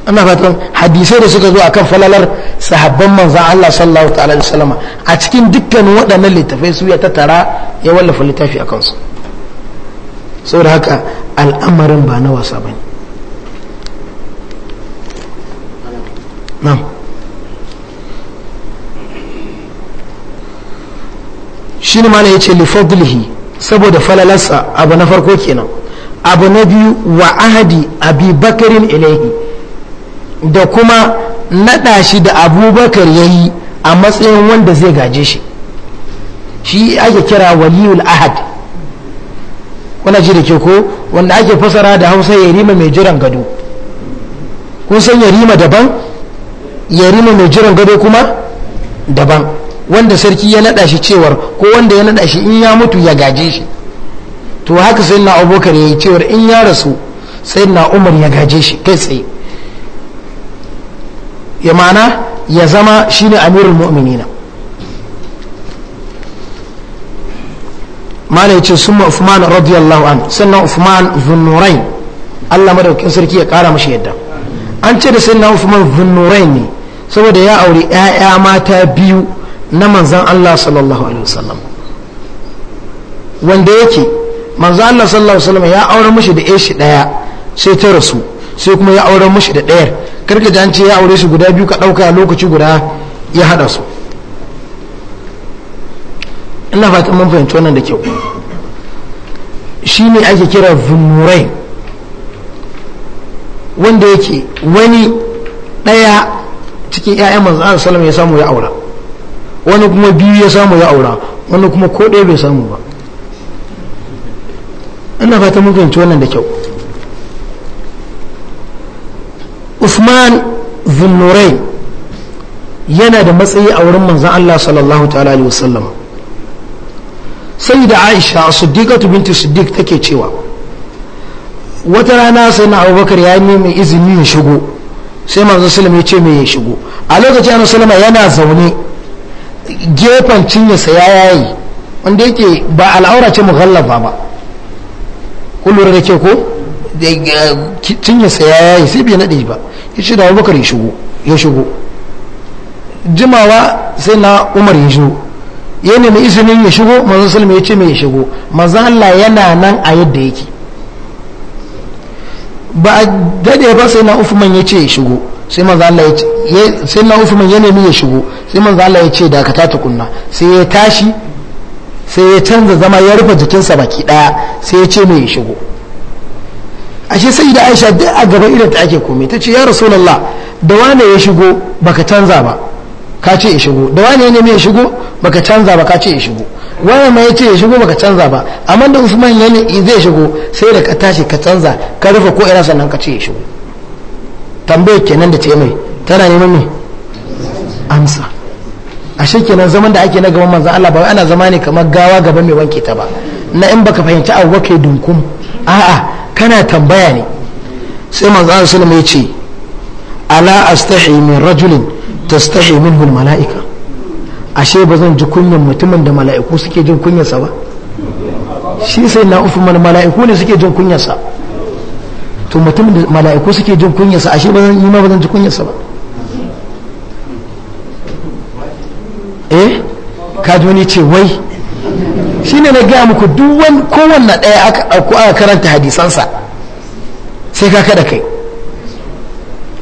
ana fatan hadisai da suka zo akan falalar sahabban manzan Allah sallallahu ta'ala da Salama a cikin dukkanin waɗannan littafai su ya tattara ya wallafa littafi a kansu saboda haka al'amarin ba na wasa ba ne. na'am shi ne mana ya ce lifadlihi saboda falalarsa abu na farko kenan abu na biyu wa ahadi abi bakarin ilaihi da kuma naɗa shi da abubakar ya yi a matsayin wanda zai gaje shi shi ake kira waliyul ahad kuna ji da ke ko wanda ake fasara da hausa yarima mai jiran gado kun san yarima daban yarima mai jiran gado kuma daban wanda sarki ya nada shi cewar ko wanda ya nada shi in ya mutu ya gaje shi to haka sai na abubakar ya yi cewar in ya rasu sai na umar ya gaje shi kai tsaye ya mana ya zama shi shine amirul mu'minina mala yace sun ma'ufman radiyallahu an sannan uthman zunnurain Allah madaukakin sarki ya kara mashi yadda an ce da sai na usman zunnurai ne saboda ya auri 'ya'ya mata biyu na manzan allah sallallahu alaihi wasallam wanda yake manzan allah sallallahu alaihi wasallam ya aure mashi da ya shi ɗaya sai ta rasu sai kuma ya aure mashi da ɗayar karka ji an ce ya aure su guda biyu ka ɗauka lokaci guda ya haɗa su ina fatan mun fahimci wannan da kyau shi ne ake kira zunurai wanda yake wani ɗaya cikin 'ya'yan manzan salam ya samu ya aura wani kuma biyu ya samu ya aura wani kuma ko ɗaya bai samu ba ina fata mun fahimci wannan da kyau usman zunnurai yana da matsayi a wurin manzan allah sallallahu ta'ala alaihi wasallam sai da aisha siddiqatu binti siddiq take cewa wata rana sai na abubakar ya yi mai izini ya shigo sai manzo salama ya ce mai ya shigo a lokacin yana salama yana zaune gefen cinye sa ya yayi wanda yake ba al'aura ce mughallafa ba kullum da ke ko cinye sa ya yayi sai bai naɗe ba ya ce da abubakar ya shigo jimawa sai na umar ya shigo ya nemi izinin ya shigo manzo salama ya ce mai ya shigo manzo Allah yana nan a yadda yake ba a dade ba sai na ufuman ya ce ya shigo sai manzo Allah ya sai na ufuman ya nemi ya shigo sai manzo Allah ya ce dakata ta kunna sai ya tashi sai ya canza zama ya rufe jikinsa baki daya sai ya ce mai ya shigo ashe sai da Aisha duk a gaban idan ta ake komai ta ce ya rasulullah da wane ya shigo baka canza ba ka ce ya shigo da wane ya nemi ya shigo baka canza ba ka ce ya shigo wannan ma ce ya shigo baka canza ba amma da Usman ya ne zai shigo sai da ka tashi ka canza ka rufe ko ina sannan ka ce ya shigo tambayar kenan da ce mai tana neman me amsa A kenan zaman da ake na gaban manzan Allah ba ana zama ne kamar gawa gaban mai wanke ta ba na in baka fahimci abu ba kai dunkum a'a kana tambaya ne sai manzan Allah sallallahu alaihi wasallam ya ce ala astahi min rajulin tastahi minhu al mala'ika ashe ba zan ji kunyan mutumin da mala'iku suke jin kunyarsa ba shi sai na mana mala'iku ne suke jin kunyarsa to mutumin da mala'iku suke jin kunyarsa ashe ba zan yi ma ba zan ji kunyarsa ba eh ji wani ce wai shi ne na gaya muku duwan kowanne ɗaya aka karanta hadisansa sai ka kada kai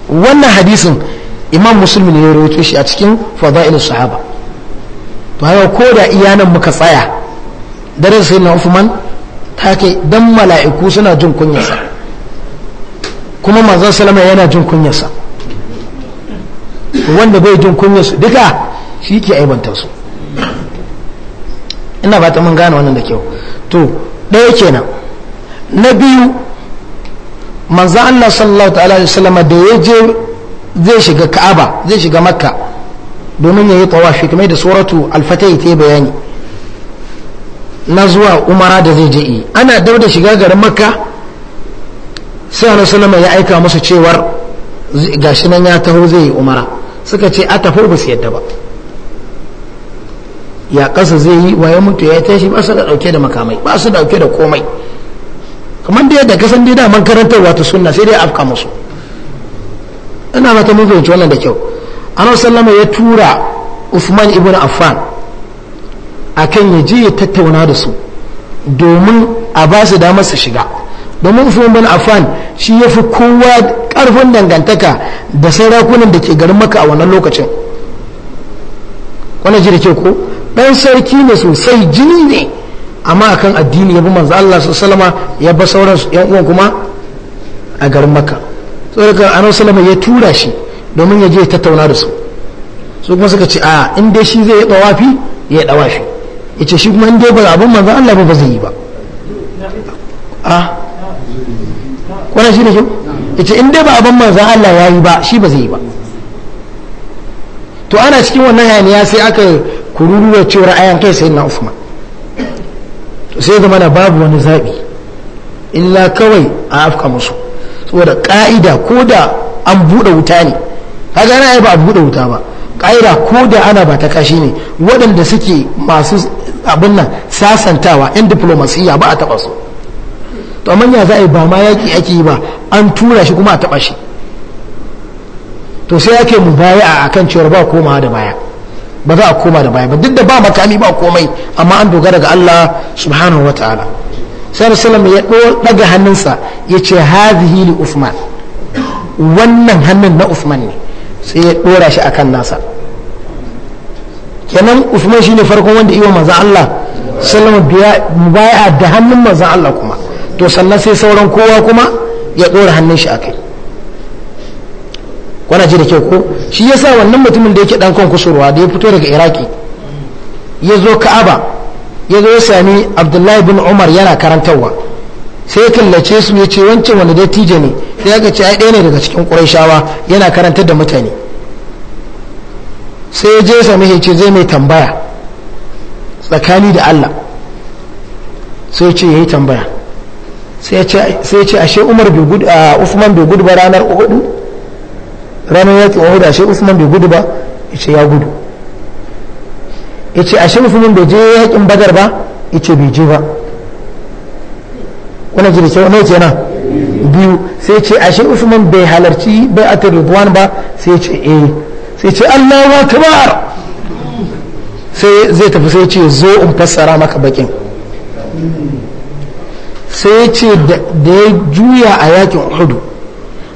wannan hadisin imam musulmi ne ya rawaito shi a cikin fada'ilus sahaba to haka ko da iyanan muka tsaya darajar sai na ufuman ta kai dan mala'iku suna jin kunyarsa kuma manzon salama yana jin kunyarsa wanda bai jin kunyarsu duka shi ke aibanta su ina ba ta mun gane wannan da kyau to ɗaya kenan na biyu manzo Allah sallallahu ta'ala alaihi wasallam da ya je zai shiga Ka'aba zai shiga Makka domin ya yi tawafi kamar da suratu alfatai ta bayani na zuwa umara da zai je ana dauda shiga garin makka sai annabi ya aika musu cewar gashi nan ya taho zai yi umara suka ce a tafi ba su yadda ba ya kasa zai yi waye mutu ya tashi ba su da dauke da makamai ba su dauke da komai kamar da yadda kasan dai man karantar ta sunna sai dai afka musu ina mata mun fahimci wannan da kyau annabi sallama ya tura usman ibn affan kan ya je ya tattauna da su domin a ba su damar su shiga domin usman ibn affan shi ya fi kowa karfin dangantaka da sarakunan da ke garin maka a wannan lokacin wani jirage ke ko ɗan sarki ne sosai jini ne amma akan addini ya bi manzo Allah sallama ya ba sauran yan uwan kuma a garin maka saboda annabi sallama ya tura shi domin ya je ya tattauna da su su kuma suka ce a in dai shi zai yi dawafi ya yi dawafi ya ce shi kuma in dai ba abin manzan Allah ba ba zai yi ba a kwanan shi da kyau ya ce in dai ba abin manzan Allah ya yi ba shi ba zai yi ba to ana cikin wannan hayaniya sai aka kururuwa cewar ayan kai sai na Usman sai zama na babu wani zaɓi illa kawai a afka musu saboda ƙa'ida ko da an buɗe wuta ne kaga yana ba a buɗe wuta ba ƙaira ko da ana ba ta kashi ne waɗanda suke masu abin nan sasantawa yan diplomasiya ba a taɓa su to amma ya za a yi ba ma yaƙi ake yi ba an tura shi kuma a taɓa shi to sai yake mu baya a kan cewar ba komawa da baya ba za a koma da baya ba duk da ba makami ba komai amma an dogara ga Allah subhanahu wataala sai Rasulullah ya daga hannunsa ya ce hadhihi li usman wannan hannun na usman ne sai ya dora shi akan nasa kenan usman shi ne farkon wanda iwa manzan Allah sallama baya da hannun manzan Allah kuma to sannan sai sauran kowa kuma ya dora hannun shi akai wana ji da kyau ko shi yasa wannan mutumin da yake dan kan kusurwa da ya fito daga iraki ya zo ka'aba ya zo ya sami abdullahi bin umar yana karantarwa sai ya kallace su ya ce wancan wanda wani dattijo ne sai ya ce ai ɗaya ne daga cikin ƙurashawa yana karantar da mutane sai ya je sami ya ce zai mai tambaya tsakani da Allah sai ce ya yi tambaya sai ya ce ashe umar bai gudu a usman bai gudu ba ranar uhudu ranar yakin uhudu ashe usman bai gudu ba ya ce ya gudu ya ce ashe usman bai je yakin badar ba ya ce bai je ba wani jirgin wani nan. biyu sai ce ashe usman bai halarci bai a ridwan ba sai ce eh sai ce allahu akbar sai zai tafi sai ce zo in fassara maka bakin sai ce da ya juya a yakin hudu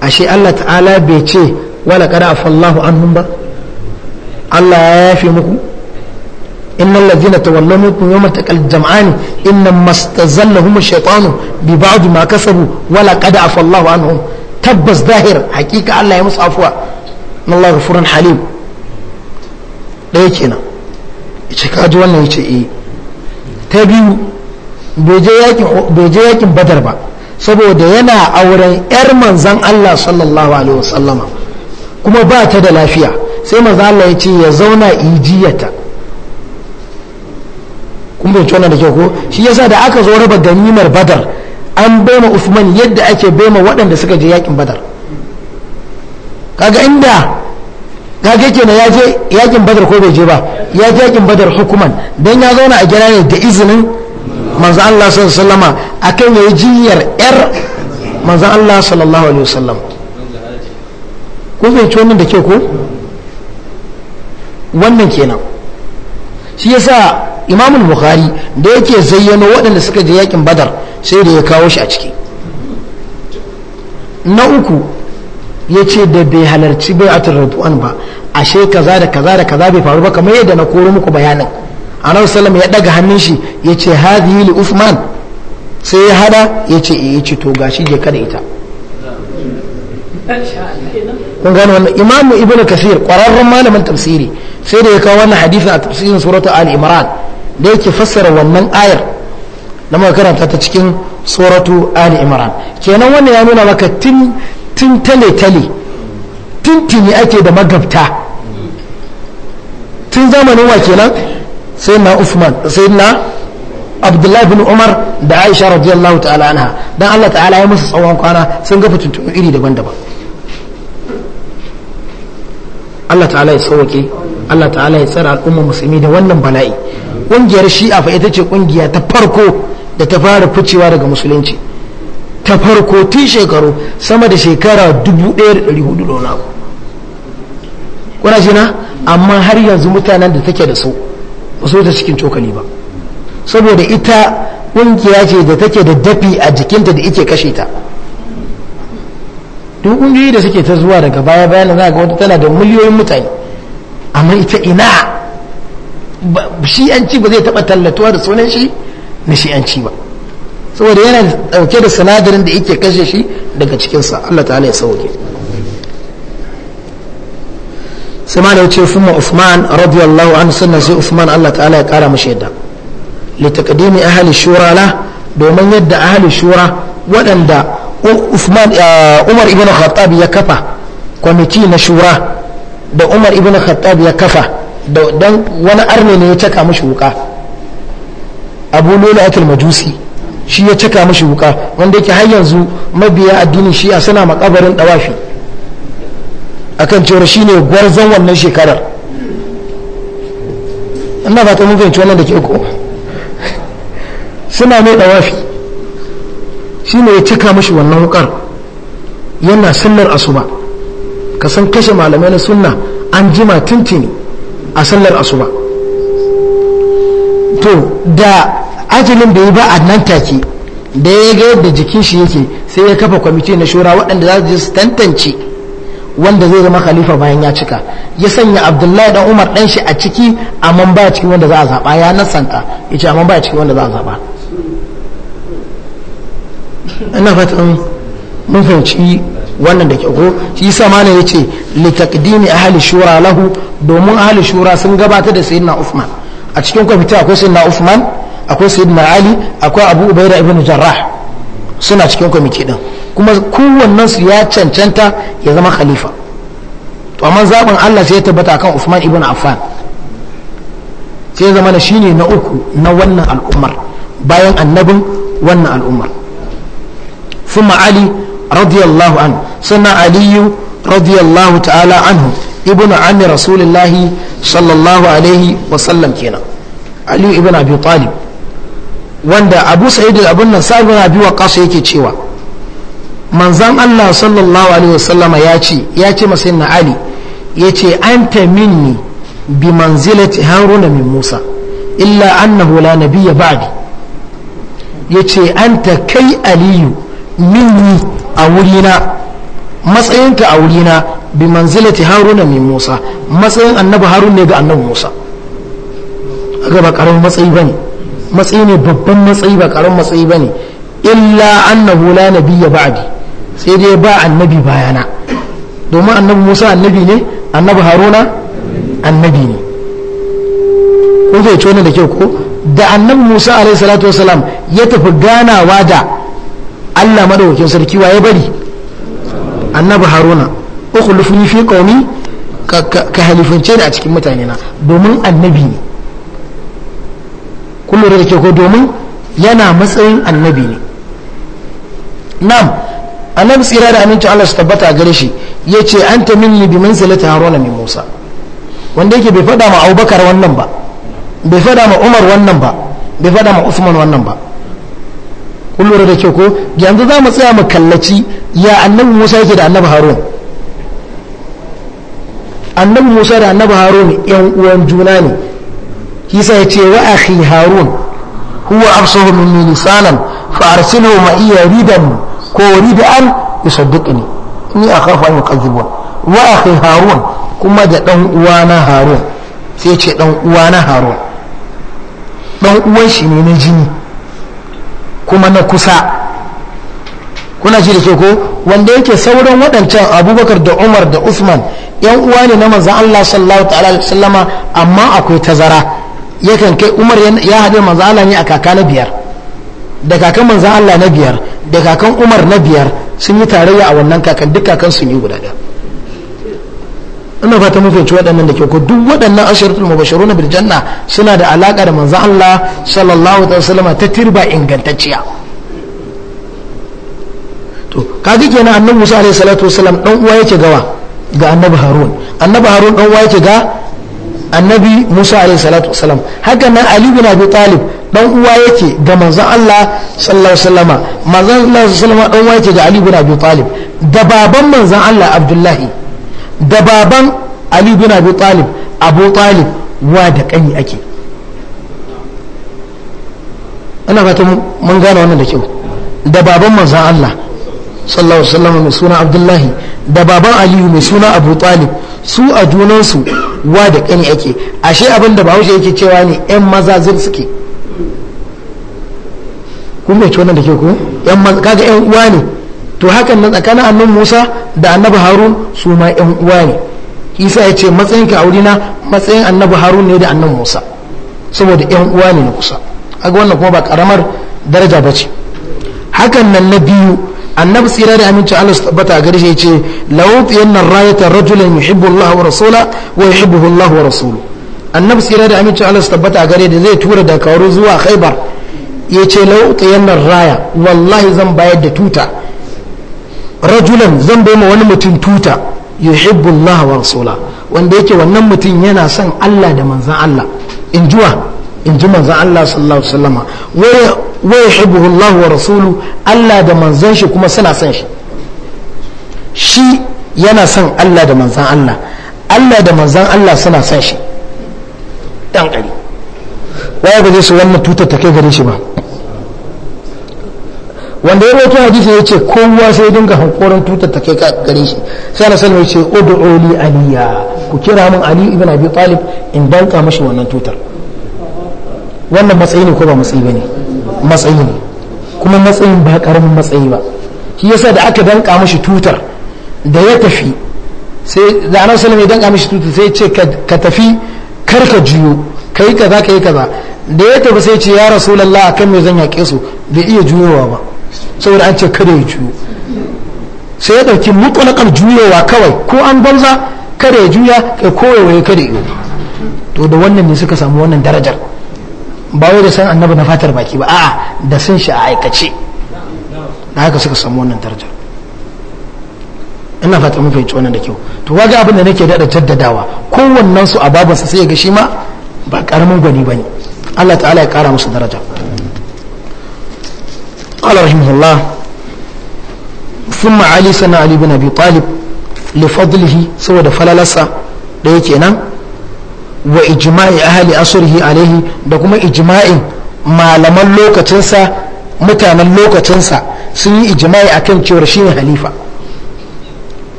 ashe allah ta'ala bai ce wala kada fallahu anhum ba allah ya yafe muku innal ladina tawallaw minkum yawma taqal jam'an inna mastazallahum ash-shaytanu bi ba'd ma kasabu wa laqad afa Allahu anhum tabbas zahir hakika Allah ya musu afuwa Allah ghafurun halim daya kenan yace kaji wannan yace eh ta biyu bai je yakin badar ba saboda yana auren 'yar manzan Allah sallallahu Alaihi wasallama kuma ba ta da lafiya sai manzan Allah ya ya zauna ijiyata kun bai wannan da ke ko shi yasa da aka zo raba ganimar badar an baima usman yadda ake baima waɗanda suka je yakin badar kaga inda kaga kenan ya je yakin badar ko bai je ba ya je yakin badar hukuman dan ya zauna a gida ne da izinin manzo Allah sallallahu alaihi wasallama akan yayi jinyar yar manzo Allah sallallahu alaihi wasallam kun bai wannan da ke ko wannan kenan shi yasa imamul bukhari da yake zayyano waɗanda suka je yakin badar sai da ya kawo shi a ciki na uku ya ce da bai halarci bai atar ratuwan ba ashe kaza da kaza da kaza bai faru ba kamar yadda na koro muku bayanin annabi Salam ya daga hannun shi ya ce hadhihi li usman sai ya hada ya ce eh, ya ce to gashi je kada ita kun gano wannan imamu ibnu kasir kwararren malamin tafsiri sai da ya kawo wannan hadisin a tafsirin suratul al-imran da yake fassara wannan ayar da muka karanta ta cikin suratu ali imran kenan wannan ya nuna maka tun tale tale tintini ake da magabta tun zamanin wa kenan sai na Uthman sai na Abdullahi bin Umar da Aisha radiyallahu ta'ala anha don Allah ta'ala ya musu tsawon kwana sun ga fitintunu iri daban-daban Allah ta'ala ya sauke Allah ta'ala ya tsara al'umma musulmi da wannan bala'i kungiyar shi'a fa ita ce kungiya ta farko da ta fara ficewa daga musulunci ta farko tun shekaru sama da shekara 1400 da kuna shi na amma har yanzu mutanen da take da su ba su ta cikin cokali ba saboda ita kungiya ce da take da dafi a jikinta da ike kashe ta duk kungiyoyi da suke ta zuwa daga baya bayan na ga wata tana da miliyoyin mutane amma ita ina shi'anci ba zai taɓa tallatuwa da sunan shi na shi'anci ba saboda yana ɗauke da sinadarin da yake kashe shi daga cikinsa Allah ta'ala ya sauke sai ma da wuce fuma Uthman radiyallahu anhu sannan sai Uthman Allah ta'ala ya kara mashi yadda li taqdimi ahli shura la domin yadda ahli shura waɗanda Uthman Umar ibn Khattab ya kafa kwamiti na shura da Umar ibn Khattab ya kafa da wani arne ne ya caka mashi wuka abu lola atul majusi shi ya caka mashi wuka wanda yake har yanzu mabiya addinin a suna makabarin dawafi akan cewa shi ne gwarzon wannan shekarar ina ba ta mun fahimci wannan da ke uku suna mai dawafi shi ne ya caka mashi wannan wukar yana sallar asuba ka san kashe malamai na sunna an jima tuntuni a sallar asuba to da ajalin bai yi ba a nan take da ya ga yadda jikin shi yake sai ya kafa kwamiti na shura waɗanda za su je su tantance wanda zai zama khalifa bayan ya cika ya sanya abdullahi dan umar dan shi a ciki amma ba cikin wanda za a zaba ya nasanta ya ce amma ba cikin wanda za a zaba ina fatan mun fahimci wannan da ke ko shi yasa malam yace li taqdimi ahli shura lahu domin ahli shura sun gabatar da sayyidina Uthman a cikin kwamiti akwai sayyidina Uthman akwai sayyidina Ali akwai Abu Ubaida ibn Jarrah suna cikin kwamiti din kuma kowannen su ya cancanta ya zama khalifa to amma zaben Allah sai ya tabbata akan Uthman ibn Affan sai zama shine na uku na wannan al'ummar bayan annabin wannan al'ummar ثم علي radiyallahu an sannan aliyu radiyallahu ta'ala anhu ibnu ammi rasulullahi sallallahu alaihi wa sallam kenan aliyu ibn abi talib wanda abu sa'id abun nan sa'id ibn abi waqas yake cewa manzan Allah sallallahu alaihi wasallama ya ce ya ce masa na ali ya ce anta minni bi manzilati haruna min musa illa annahu la nabiyya ba'di Yace ce anta kai aliyu minni a wurina matsayinka a wurina bi manzilati haruna min musa matsayin annabi harun ne ga annabi musa aga ba karamin matsayi bane matsayi ne babban matsayi ba karamin matsayi bane illa annahu la nabiyya ba'di sai dai ba annabi bayana domin annabi musa annabi ne annabi haruna annabi ne kun fahimci wannan da kyau ko da annabi musa alaihi salatu wasalam ya tafi ganawa da Allah madaukakin sarki waye bari annabi haruna ukhlifuni fi qaumi ka halifance ni a cikin mutane na domin annabi ne kullum da ke ko domin yana matsayin annabi ne nam annabi tsira da aminci Allah su tabbata a gare shi ya ce an ta minni bi manzilata haruna min musa wanda yake bai fada ma abubakar wannan ba bai faɗa ma umar wannan ba bai fada ma usman wannan ba kun lura da kyau ko yanzu za mu tsaya mu kallaci ya annabi musa yake da annabi harun annabi musa da annabi harun yan uwan juna ne kisa ya ce wa akhi harun huwa absahu min lisanan fa arsilhu ma iya ridan ko ridan yusaddiqni ni akhafu an yukazzibun wa akhi harun kuma da dan uwana harun sai ce dan uwana harun dan uwan shi ne na jini kuma na kusa kuna ji da ke ko wanda yake sauran waɗancan abubakar da umar da usman yan uwa ne na manzan allah sallallahu ta'ala sallama amma akwai tazara yakan kai umar ya haɗe manzan allah ne a kaka na biyar da kakan manzan allah na biyar da kakan umar na biyar sun yi tarayya a wannan kakan duk kakan sun yi guda ɗaya ina fata mun fahimci waɗannan da ke ko duk waɗannan asharatul mubashiruna bil janna suna da alaka da manzon Allah sallallahu alaihi wasallam ta tirba ingantacciya to kaji kenan annabi Musa alaihi salatu wasallam dan uwa yake gawa ga annabi Harun annabi Harun dan uwa yake ga annabi Musa alaihi salatu wasallam haka nan Ali bin Abi Talib dan uwa yake ga manzon Allah sallallahu alaihi wasallam manzon Allah sallallahu alaihi wasallam dan uwa yake ga Ali bin Abi Talib da baban manzon Allah Abdullahi da baban ali bin abu talib abu talib wa da kani ake ana fata mun gane wannan da kyau da baban manzan Allah sallallahu alaihi wasallam mai suna abdullahi da baban aliyu mai suna abu talib su a junansu wa da kani ake ashe abin da bahaushe yake cewa ne yan maza zir suke kuma ya ci wannan da ke ku maza kaga yan uwa ne to hakan na tsakanin annabi Musa da annabi Harun su ma ƴan uwa ne Isa ya ce matsayin ka aurina matsayin annabi Harun ne da annabi Musa saboda ƴan uwa ne na kusa kaga wannan kuma ba karamar daraja ba ce hakan nan na biyu annabi tsira da aminci Allah su tabbata a garshe ce lawut yanna rayata rajulan yuhibbu Allah wa rasula wa yuhibbuhu Allah wa rasulu annabi tsira da aminci Allah su tabbata a gare da zai tura da kawo zuwa Khaibar ya ce lawut yanna raya wallahi zan bayar da tuta rajulan zan bai ma wani mutum tuta yuhibbu Allah wa rasula wanda yake wannan mutum yana son Allah da manzan Allah in jiwa in ji manzan Allah sallallahu alaihi wasallam wa yuhibbu Allah wa rasulu Allah da manzan shi kuma suna son shi shi yana son Allah da manzan Allah Allah da manzan Allah suna son shi dan kare waya ba zai su wannan tutar ta kai gare shi ba wanda ya rawaito hadisi ya ce kowa sai dinga hankoran tutar ta kai gare shi sai na salma ya ce ud'u li aliya ku kira min ali ibn abi talib in danka mashi wannan tutar wannan matsayi ne ko ba matsayi bane matsayi ne kuma matsayin ba karamin matsayi ba shi yasa da aka danka mashi tutar da ya tafi sai da anan salma ya danka mashi tutar sai ya ce ka tafi kar ka juyo kai kaza kai kaza da ya tafi sai ya ce ya rasulullah akan me zan yake su bai iya juyowa ba saboda an ce kada ya juyo sai ya ɗauki mutunakar juyowa kawai ko an banza kada ya juya kai koyewa kada ya to da wannan ne suka samu wannan darajar ba wai da san annabi na fatar baki ba a'a da sun shi a aikace da haka suka samu wannan darajar ina fata mun fahimci wannan da kyau to waje abin da nake daɗa jaddadawa kowannen su a babansa sai ya ga shi ma ba karamin gwani bane Allah ta'ala ya kara musu darajar. قال رحمه الله ثم علي سنة علي بن أبي طالب لفضله سود فللسة ليكينا وإجماع أهل أصره عليه دكما إجماع ما لم لوكا تنسى متى من لوكا تنسى سي إجماع أكن تورشين خليفة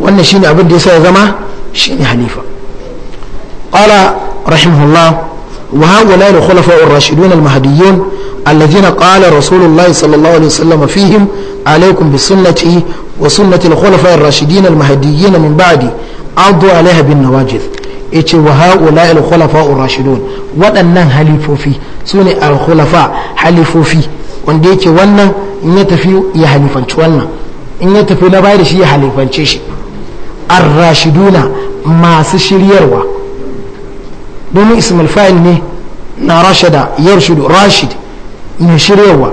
وأن شين أبن دي سيزما شين خليفة قال رحمه الله وهؤلاء الخلفاء الراشدون المهديون الذين قال رسول الله صلى الله عليه وسلم فيهم عليكم بسنتي وسنة الخلفاء الراشدين المهديين من بعدي عضوا عليها بالنواجذ yace wa haula il khulafa rashidun waɗannan halifofi su ne al khulafa halifofi wanda yake wannan in tafi ya halifanci wannan in ya tafi na baya da shi ya halifance shi ar rashiduna masu shiryarwa domin ismul fa'il ne na rashada rashid mai shiryawa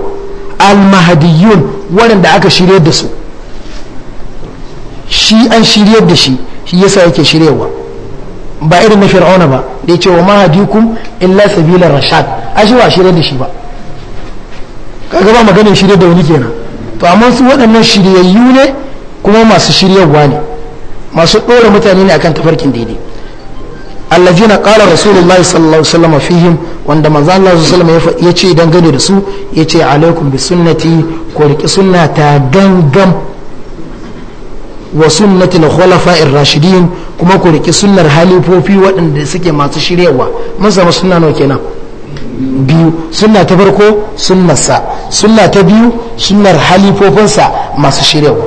almahadiyun waɗanda aka shiryar da su shi an shiryar da shi shi yasa yake shiryarwa ba irin na fir'auna ba da ya ce wa mahadikum illa sabila rashad a shi ba shiryar da shi ba kaga ba maganin shiryar da wani kenan to amma su waɗannan shiryayyu ne kuma masu shiryarwa ne masu ɗora mutane ne akan tafarkin daidai allazina qala rasulullahi sallallahu alaihi wasallam fihim wanda manzo Allah sallallahu alaihi wasallam ya ce dangane da su ya ce alaikum bi sunnati ko riki ta gangan wa sunnati al-khulafa'ir rashidin kuma ku riki sunnar halifofi waɗanda suke masu shiryawa mun samu sunna nawa kenan biyu sunna ta farko sunnarsa sunna ta biyu sunnar halifofinsa masu shiryawa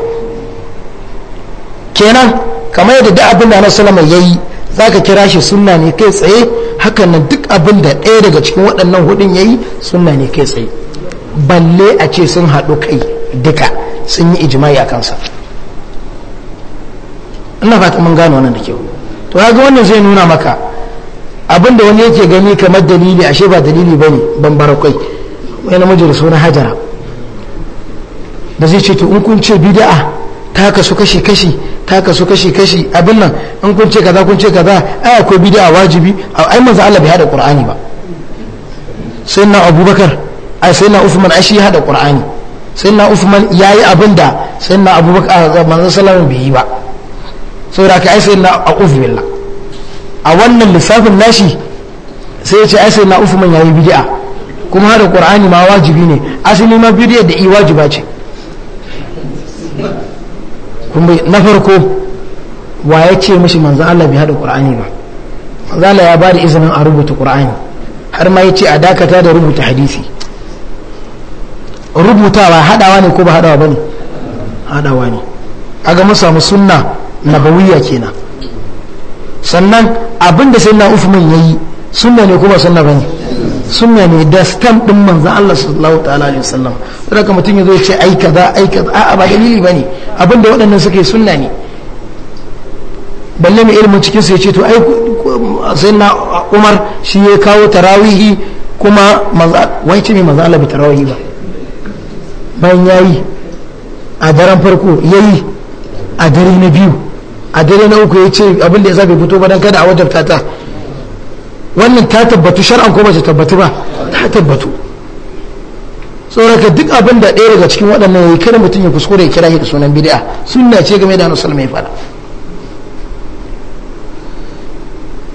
kenan kamar yadda duk abin da Annabi sallallahu alaihi wasallam yayi zaka kira shi sunna ne kai tsaye haka nan duk abin da ɗaya daga cikin waɗannan hudun ya yi suna ne kai tsaye balle a ce sun haɗu kai duka sun yi ijimai a kansa ina fata mun gano wannan da kyau to ga wannan zai nuna maka abin da wani yake gani kamar dalili ashe ba dalili ne ban kai wai namiji da suna hajara da zai ce to in kun ce bida'a ta kasu kashi kashi ta kasu kashi kashi abin nan in kun ce kaza kun ce kaza ai akwai bid'a wajibi ai manzo Allah bai hada qur'ani ba sai na abubakar ai sai na usman ai shi hada qur'ani sai na usman yayi abin da sai na abubakar ah, manzo sallallahu bai yi ba saboda ai sai na a'udhu billah a wannan lissafin nashi sai ya ce ai sai na usman yayi bid'a kuma hada qur'ani ma wajibi ne asali ma bid'a da i wajiba ce kuma na farko wa ya ce mishi manzan Allah bai haɗa ƙur'ani ba manzan Allah ya ba da izinin a rubuta ƙur'ani har ma ya ce a dakata da rubuta hadisi rubutawa haɗawa ne ko ba haɗawa ba ne haɗawa ne aga mun samu sunna nabawiyya kenan sannan abin da sai na ufuman ya yi sunna ne ko ba sunna ba ne sunna ne da stamp ɗin manzan Allah sallallahu ta'ala alaihi wasallam saboda mutum ya zo ya ce aika kaza ai kaza a'a ba dalili ba ne abin da waɗannan suke sunna ne balle mai ilimin cikinsu ya ce to ai sai na umar shi ya kawo tarawihi kuma wai ce mai maza bi tarawihi ba bayan ya yi a daren farko ya yi a dare na biyu a dare na uku ya ce abin da ya zabe fito ba don kada a wajen ta wannan ta tabbatu shar'an ko ba ta tabbatu ba ta tabbatu tsoraka duk abin da ɗaya daga cikin waɗannan ya yi kada mutum ya kuskure ya kira shi da sunan bid'a sunna ce game da nusul mai fada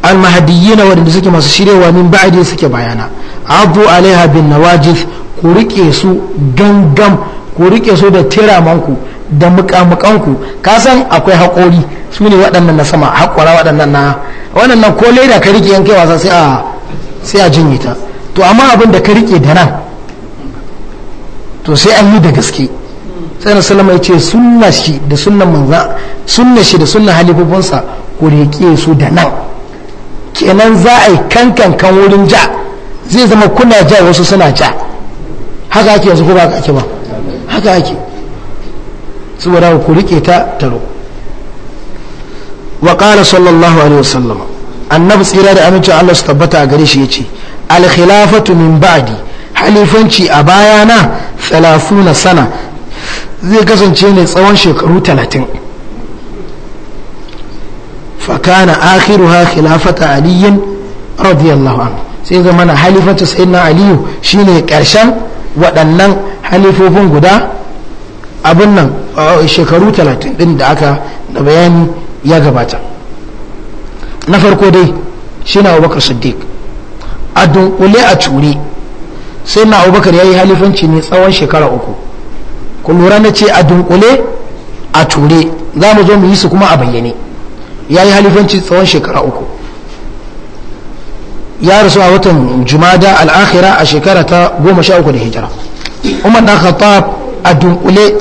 almahadiyyina waɗanda suke masu shirya min ba'adi suke bayana abu alaiha bin nawajif ku rike su gangam ku rike su da tiramanku da mukamukanku ka san akwai haƙori su ne waɗannan na sama haƙora waɗannan na waɗannan ko leda ka rike yanke wasa sai a sai a jinye ta to amma abin da ka rike da nan to sai an yi da gaske sai na salama ya ce sunna shi da sunnan manza sunna shi da sunnan halifofinsa ko da ya su da nan kenan za a yi kankan kan wurin ja zai zama kuna ja wasu suna ja haka ake yanzu ko ba ake ba haka ake saboda ku rike ta taro wa qala sallallahu alaihi wasallam annabi tsira da amincin Allah su tabbata a gare shi yace al khilafatu min ba'di halifanci a bayana na sana zai kasance ne tsawon shekaru talatin fakana akhiruha khilafata aliyin radiyallahu anhu sai zama na halifatu sayyidina aliyu shine karshen waɗannan halifofin guda abin nan shekaru talatin din da aka da bayani ya gabata na farko dai shine abubakar siddiq a dunkule a cure sai na abubakar ya yi halifanci ne tsawon shekara uku ku lura na ce a dunkule a ture za mu zo mu yi su kuma a bayyane ya yi halifanci tsawon shekara uku ya rasu a watan jumada al'akhira a shekara ta goma sha uku da hijira umar dan khattab a dunkule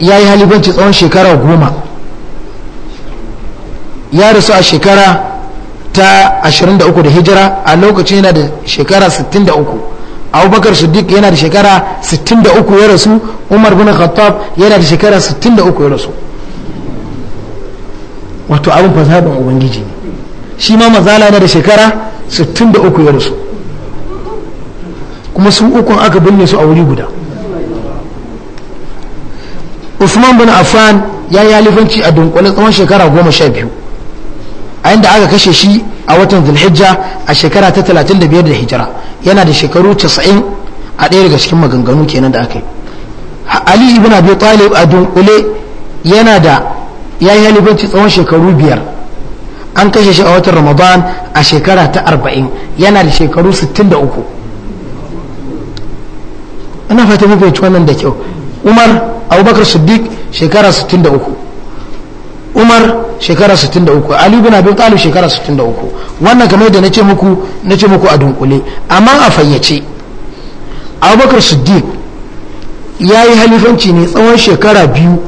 ya yi halifanci tsawon shekara goma ya rasu a shekara ta 23 da hijira a lokacin yana da shekara 63 abubakar siddiq yana da shekara 63 ya rasu umar bin khattab yana da shekara 63 ya rasu wato abin fasahin ubangiji ne shi ma mazala yana da shekara 63 ya rasu kuma su ukun aka binne su a wuri guda usman bin affan ya yi halifanci a dunkule tsawon shekara goma sha biyu a inda aka kashe shi a watan zulhijja a shekara ta 35 da hijira yana da shekaru 90 a ɗaya daga cikin maganganu kenan da aka yi ali ibn abi talib a dunkule yana da ya yi halibanci tsawon shekaru biyar an kashe shi a watan ramadan a shekara ta 40 yana da shekaru 63 ana fata mafi wannan da kyau umar abubakar siddiq shekara 63 umar shekara 63 ali bin abin talib shekara 63 wannan kamar da nace muku nace muku a dunkule amma a fayyace abubakar siddiq ya yi halifanci ne tsawon shekara biyu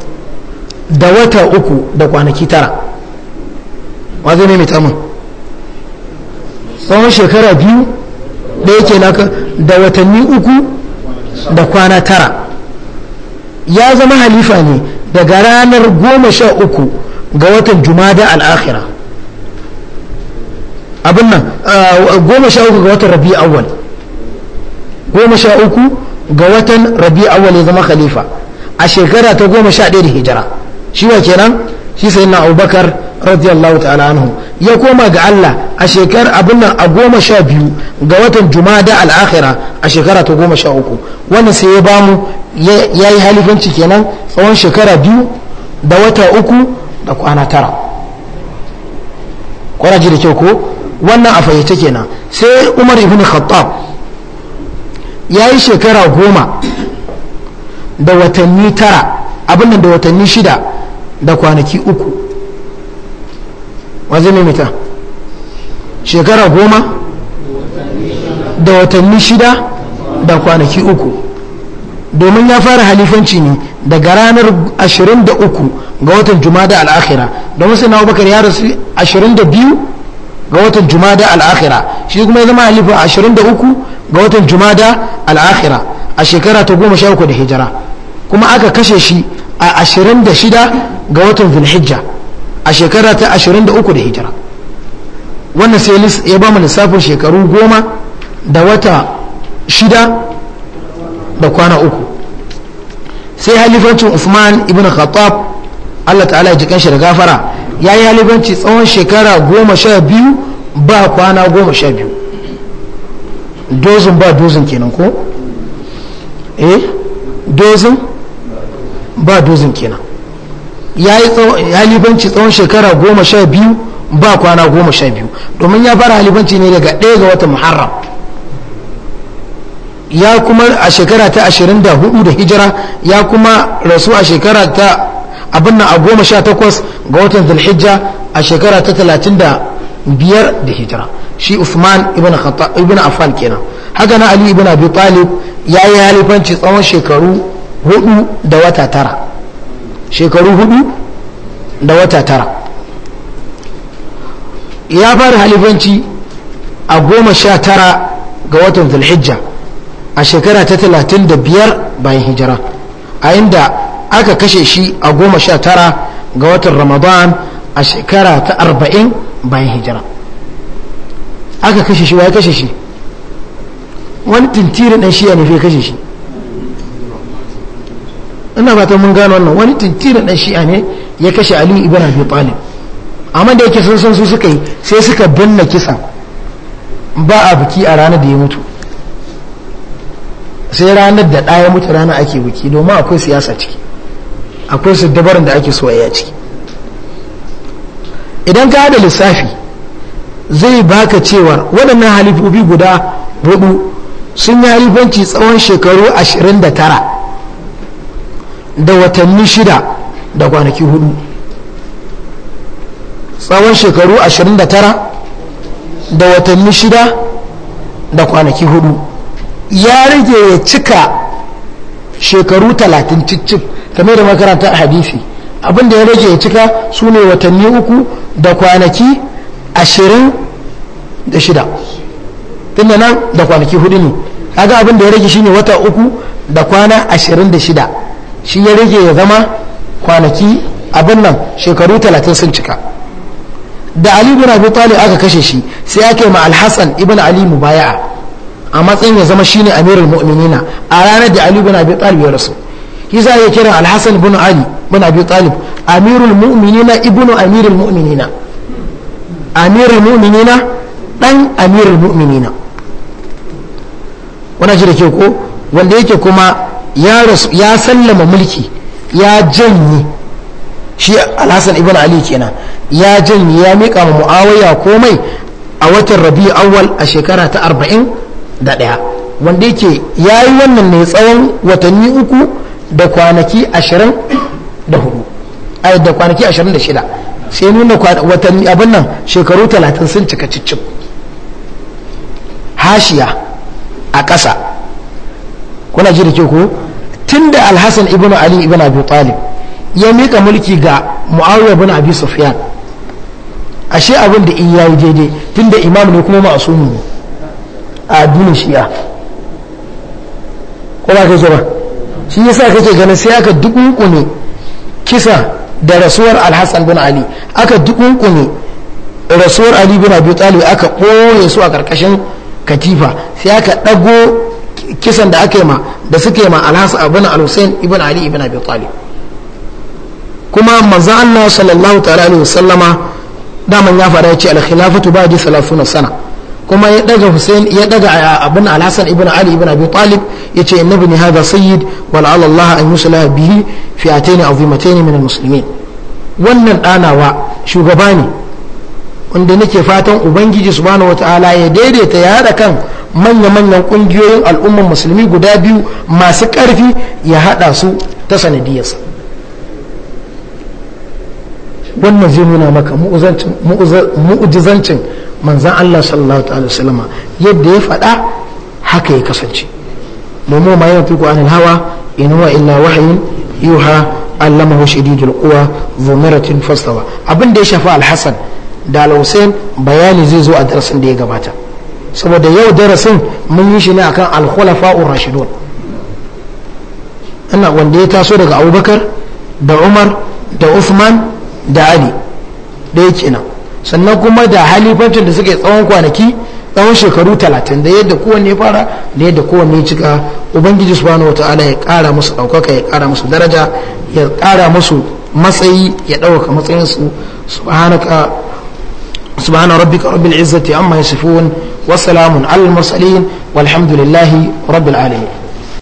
da wata uku da kwanaki tara wazo ne mai tamun tsawon shekara biyu da yake naka da watanni uku da kwana tara ya zama halifa ne daga ranar goma sha uku ga watan jumada al'akhira abin nan ah, goma sha uku ga watan rabi awwal goma sha uku ga watan rabi awwal ya zama khalifa a shekara ta goma sha ɗaya da hijira shi wa kenan shi sai na abubakar radiyallahu ta'ala anhu ya koma ga Allah a shekar abin nan a goma sha biyu ga watan jumada al'akhira a shekara ta goma sha uku wannan sai ya bamu ya yi halifanci kenan tsawon shekara biyu da wata uku da kwana tara kwana da kyau ko wannan a fahimce kenan sai umar ibn khattab ya yi shekara goma da watanni tara abin da watanni shida da kwanaki uku wanzu mimita shekara goma da watanni shida da kwanaki uku domin ya fara halifanci ne daga ranar 23 ga watan jumada al'akhira domin sai na abubakar ya rasu 22 ga watan jumada al'akhira shi kuma ya zama halifa 23 ga watan jumada al'akhira a shekara ta goma sha uku da hijira kuma aka kashe shi a 26 ga watan zulhijja a shekara ta 23 da hijira wannan sai ya ba mu lissafin shekaru goma da wata shida da kwana uku sai halifancin usman ibn khattab allah ta'ala ya jikan shi da gafara ya yi halifanci tsawon shekara goma sha biyu ba kwana goma sha biyu dozin ba dozin kenan ko eh dozin ba dozin kenan ya yi halifanci tsawon shekara goma sha biyu ba kwana goma sha biyu domin ya fara halifanci ne daga ɗaya ga watan muharram ya kuma a shekara ta 24 da hijira ya kuma rasu a shekara ta abin na a goma sha takwas ga watan zulhijja a shekara ta 35 da hijira shi usman ibn affan kenan haka na ali ibn abi talib ya yi halifanci tsawon shekaru hudu da wata tara shekaru hudu da wata tara ya fara halifanci a goma sha tara ga watan zulhijja a shekara ta talatin da biyar bayan hijira a inda aka kashe shi a goma sha tara ga watan ramadan a shekara ta arba'in bayan hijira aka kashe shi wa ya kashe shi wani tintirin ɗan shiya ne fi kashe shi ina fata mun gano wannan wani tintirin ɗan shiya ne ya kashe aliyu ibn abi talib amma da yake sun san su suka yi sai suka binne kisa ba a biki a ranar da ya mutu sai ranar da ɗaya mutu rana ake biki domin akwai siyasa ciki akwai su dabarin da ake soyayya ciki idan ka haɗa lissafi zai baka cewa waɗannan halifobi guda hudu sun yi halifanci tsawon shekaru 29 da watanni shida da kwanaki hudu tsawon shekaru 29 da watanni shida da kwanaki hudu ya rage ya cika shekaru talatin cicci game da makaranta a hadisi abinda ya rage ya cika su ne watanni uku da kwanaki ashirin da shida tunda nan da kwanaki hudu ne kaga abinda ya rage ne wata uku da kwana ashirin da shida shi ya rage ya zama kwanaki abin nan shekaru talatin sun cika da ali bin abi talib aka kashe shi sai ake ma alhassan ibn ali mubaya'a a matsayin ya zama shine amirul mu'minina a ranar da ali bin abi talib ya rasu kisa ya kira alhassan hasan bin ali bin abi talib amirul mu'minina ibnu amirul mu'minina amirul mu'minina dan amirul mu'minina wannan shi da ke ko wanda yake kuma ya sallama mulki ya janye shi alhassan ibn ali kenan ya janye ya miƙa ma mu'awaya komai a watan rabi awwal a shekara ta arba'in da ɗaya wanda yake ya yi wannan ne tsawon watanni uku da kwanaki ashirin da hudu ai da kwanaki ashirin da shida sai nuna watanni abin nan shekaru talatin sun cika ciccin. hashiya a ƙasa kuna ji da ke ko tun da alhassan ibn ali ibn abu talib ya miƙa mulki ga mu'awiyar bin abi ashe abin da in yayi daidai tun da imam ne kuma masu ne a addinin shi'a kuma ba ka ba shi ya yasa kake ganin sai aka dukunkune kisa da rasuwar alhassan bin ali aka dukunkune rasuwar ali bin abu talib aka koye su a ƙarƙashin katifa sai aka ɗago kisan da aka yi ma da suka yi ma alhassan bin al-hussein ibn ali ibn abu talib kuma manzan allah sallallahu ta'ala alaihi wasallama daman ya fara ya ce al-khilafatu ba ji salafuna sana kuma ya daga Hussein ya daga abin Al-Hasan ibn Ali ibn Abi Talib yace inna ni hada sayyid wa la'alla Allah an yusla bihi fi'atayn azimatayn min al-muslimin wannan danawa shugaba ne wanda nake fatan ubangiji subhanahu wataala ya daidaita ya hada kan manya-manyan kungiyoyin al'ummar musulmi guda biyu masu karfi ya hada su ta sanadiyarsa wannan zai nuna maka mu'ujizancin manzan Allah sallallahu ta'ala salama yadda ya faɗa haka ya kasance domin ma yana tuku hawa inuwa illa wahayin yuha allamahu shadidul quwa zumiratin fastawa abin da ya shafi alhassan da alhussein bayani zai zo a darasin da ya gabata saboda yau darasin mun yi shi ne akan alkhulafa'ur rashidun ina wanda ya taso daga abubakar da umar da uthman da ali ɗaya kenan sannan kuma da halifancin da suka yi tsawon kwanaki tsawon shekaru talatin da yadda kowanne ya fara da yadda kowanne ya cika ubangiji subhanahu wata'ala ya ƙara musu ɗaukaka ya kara musu daraja ya kara musu matsayi ya ɗaukaka su subhanaka سبحان ربك رب العزة عما يصفون وسلام على المرسلين والحمد لله رب العالمين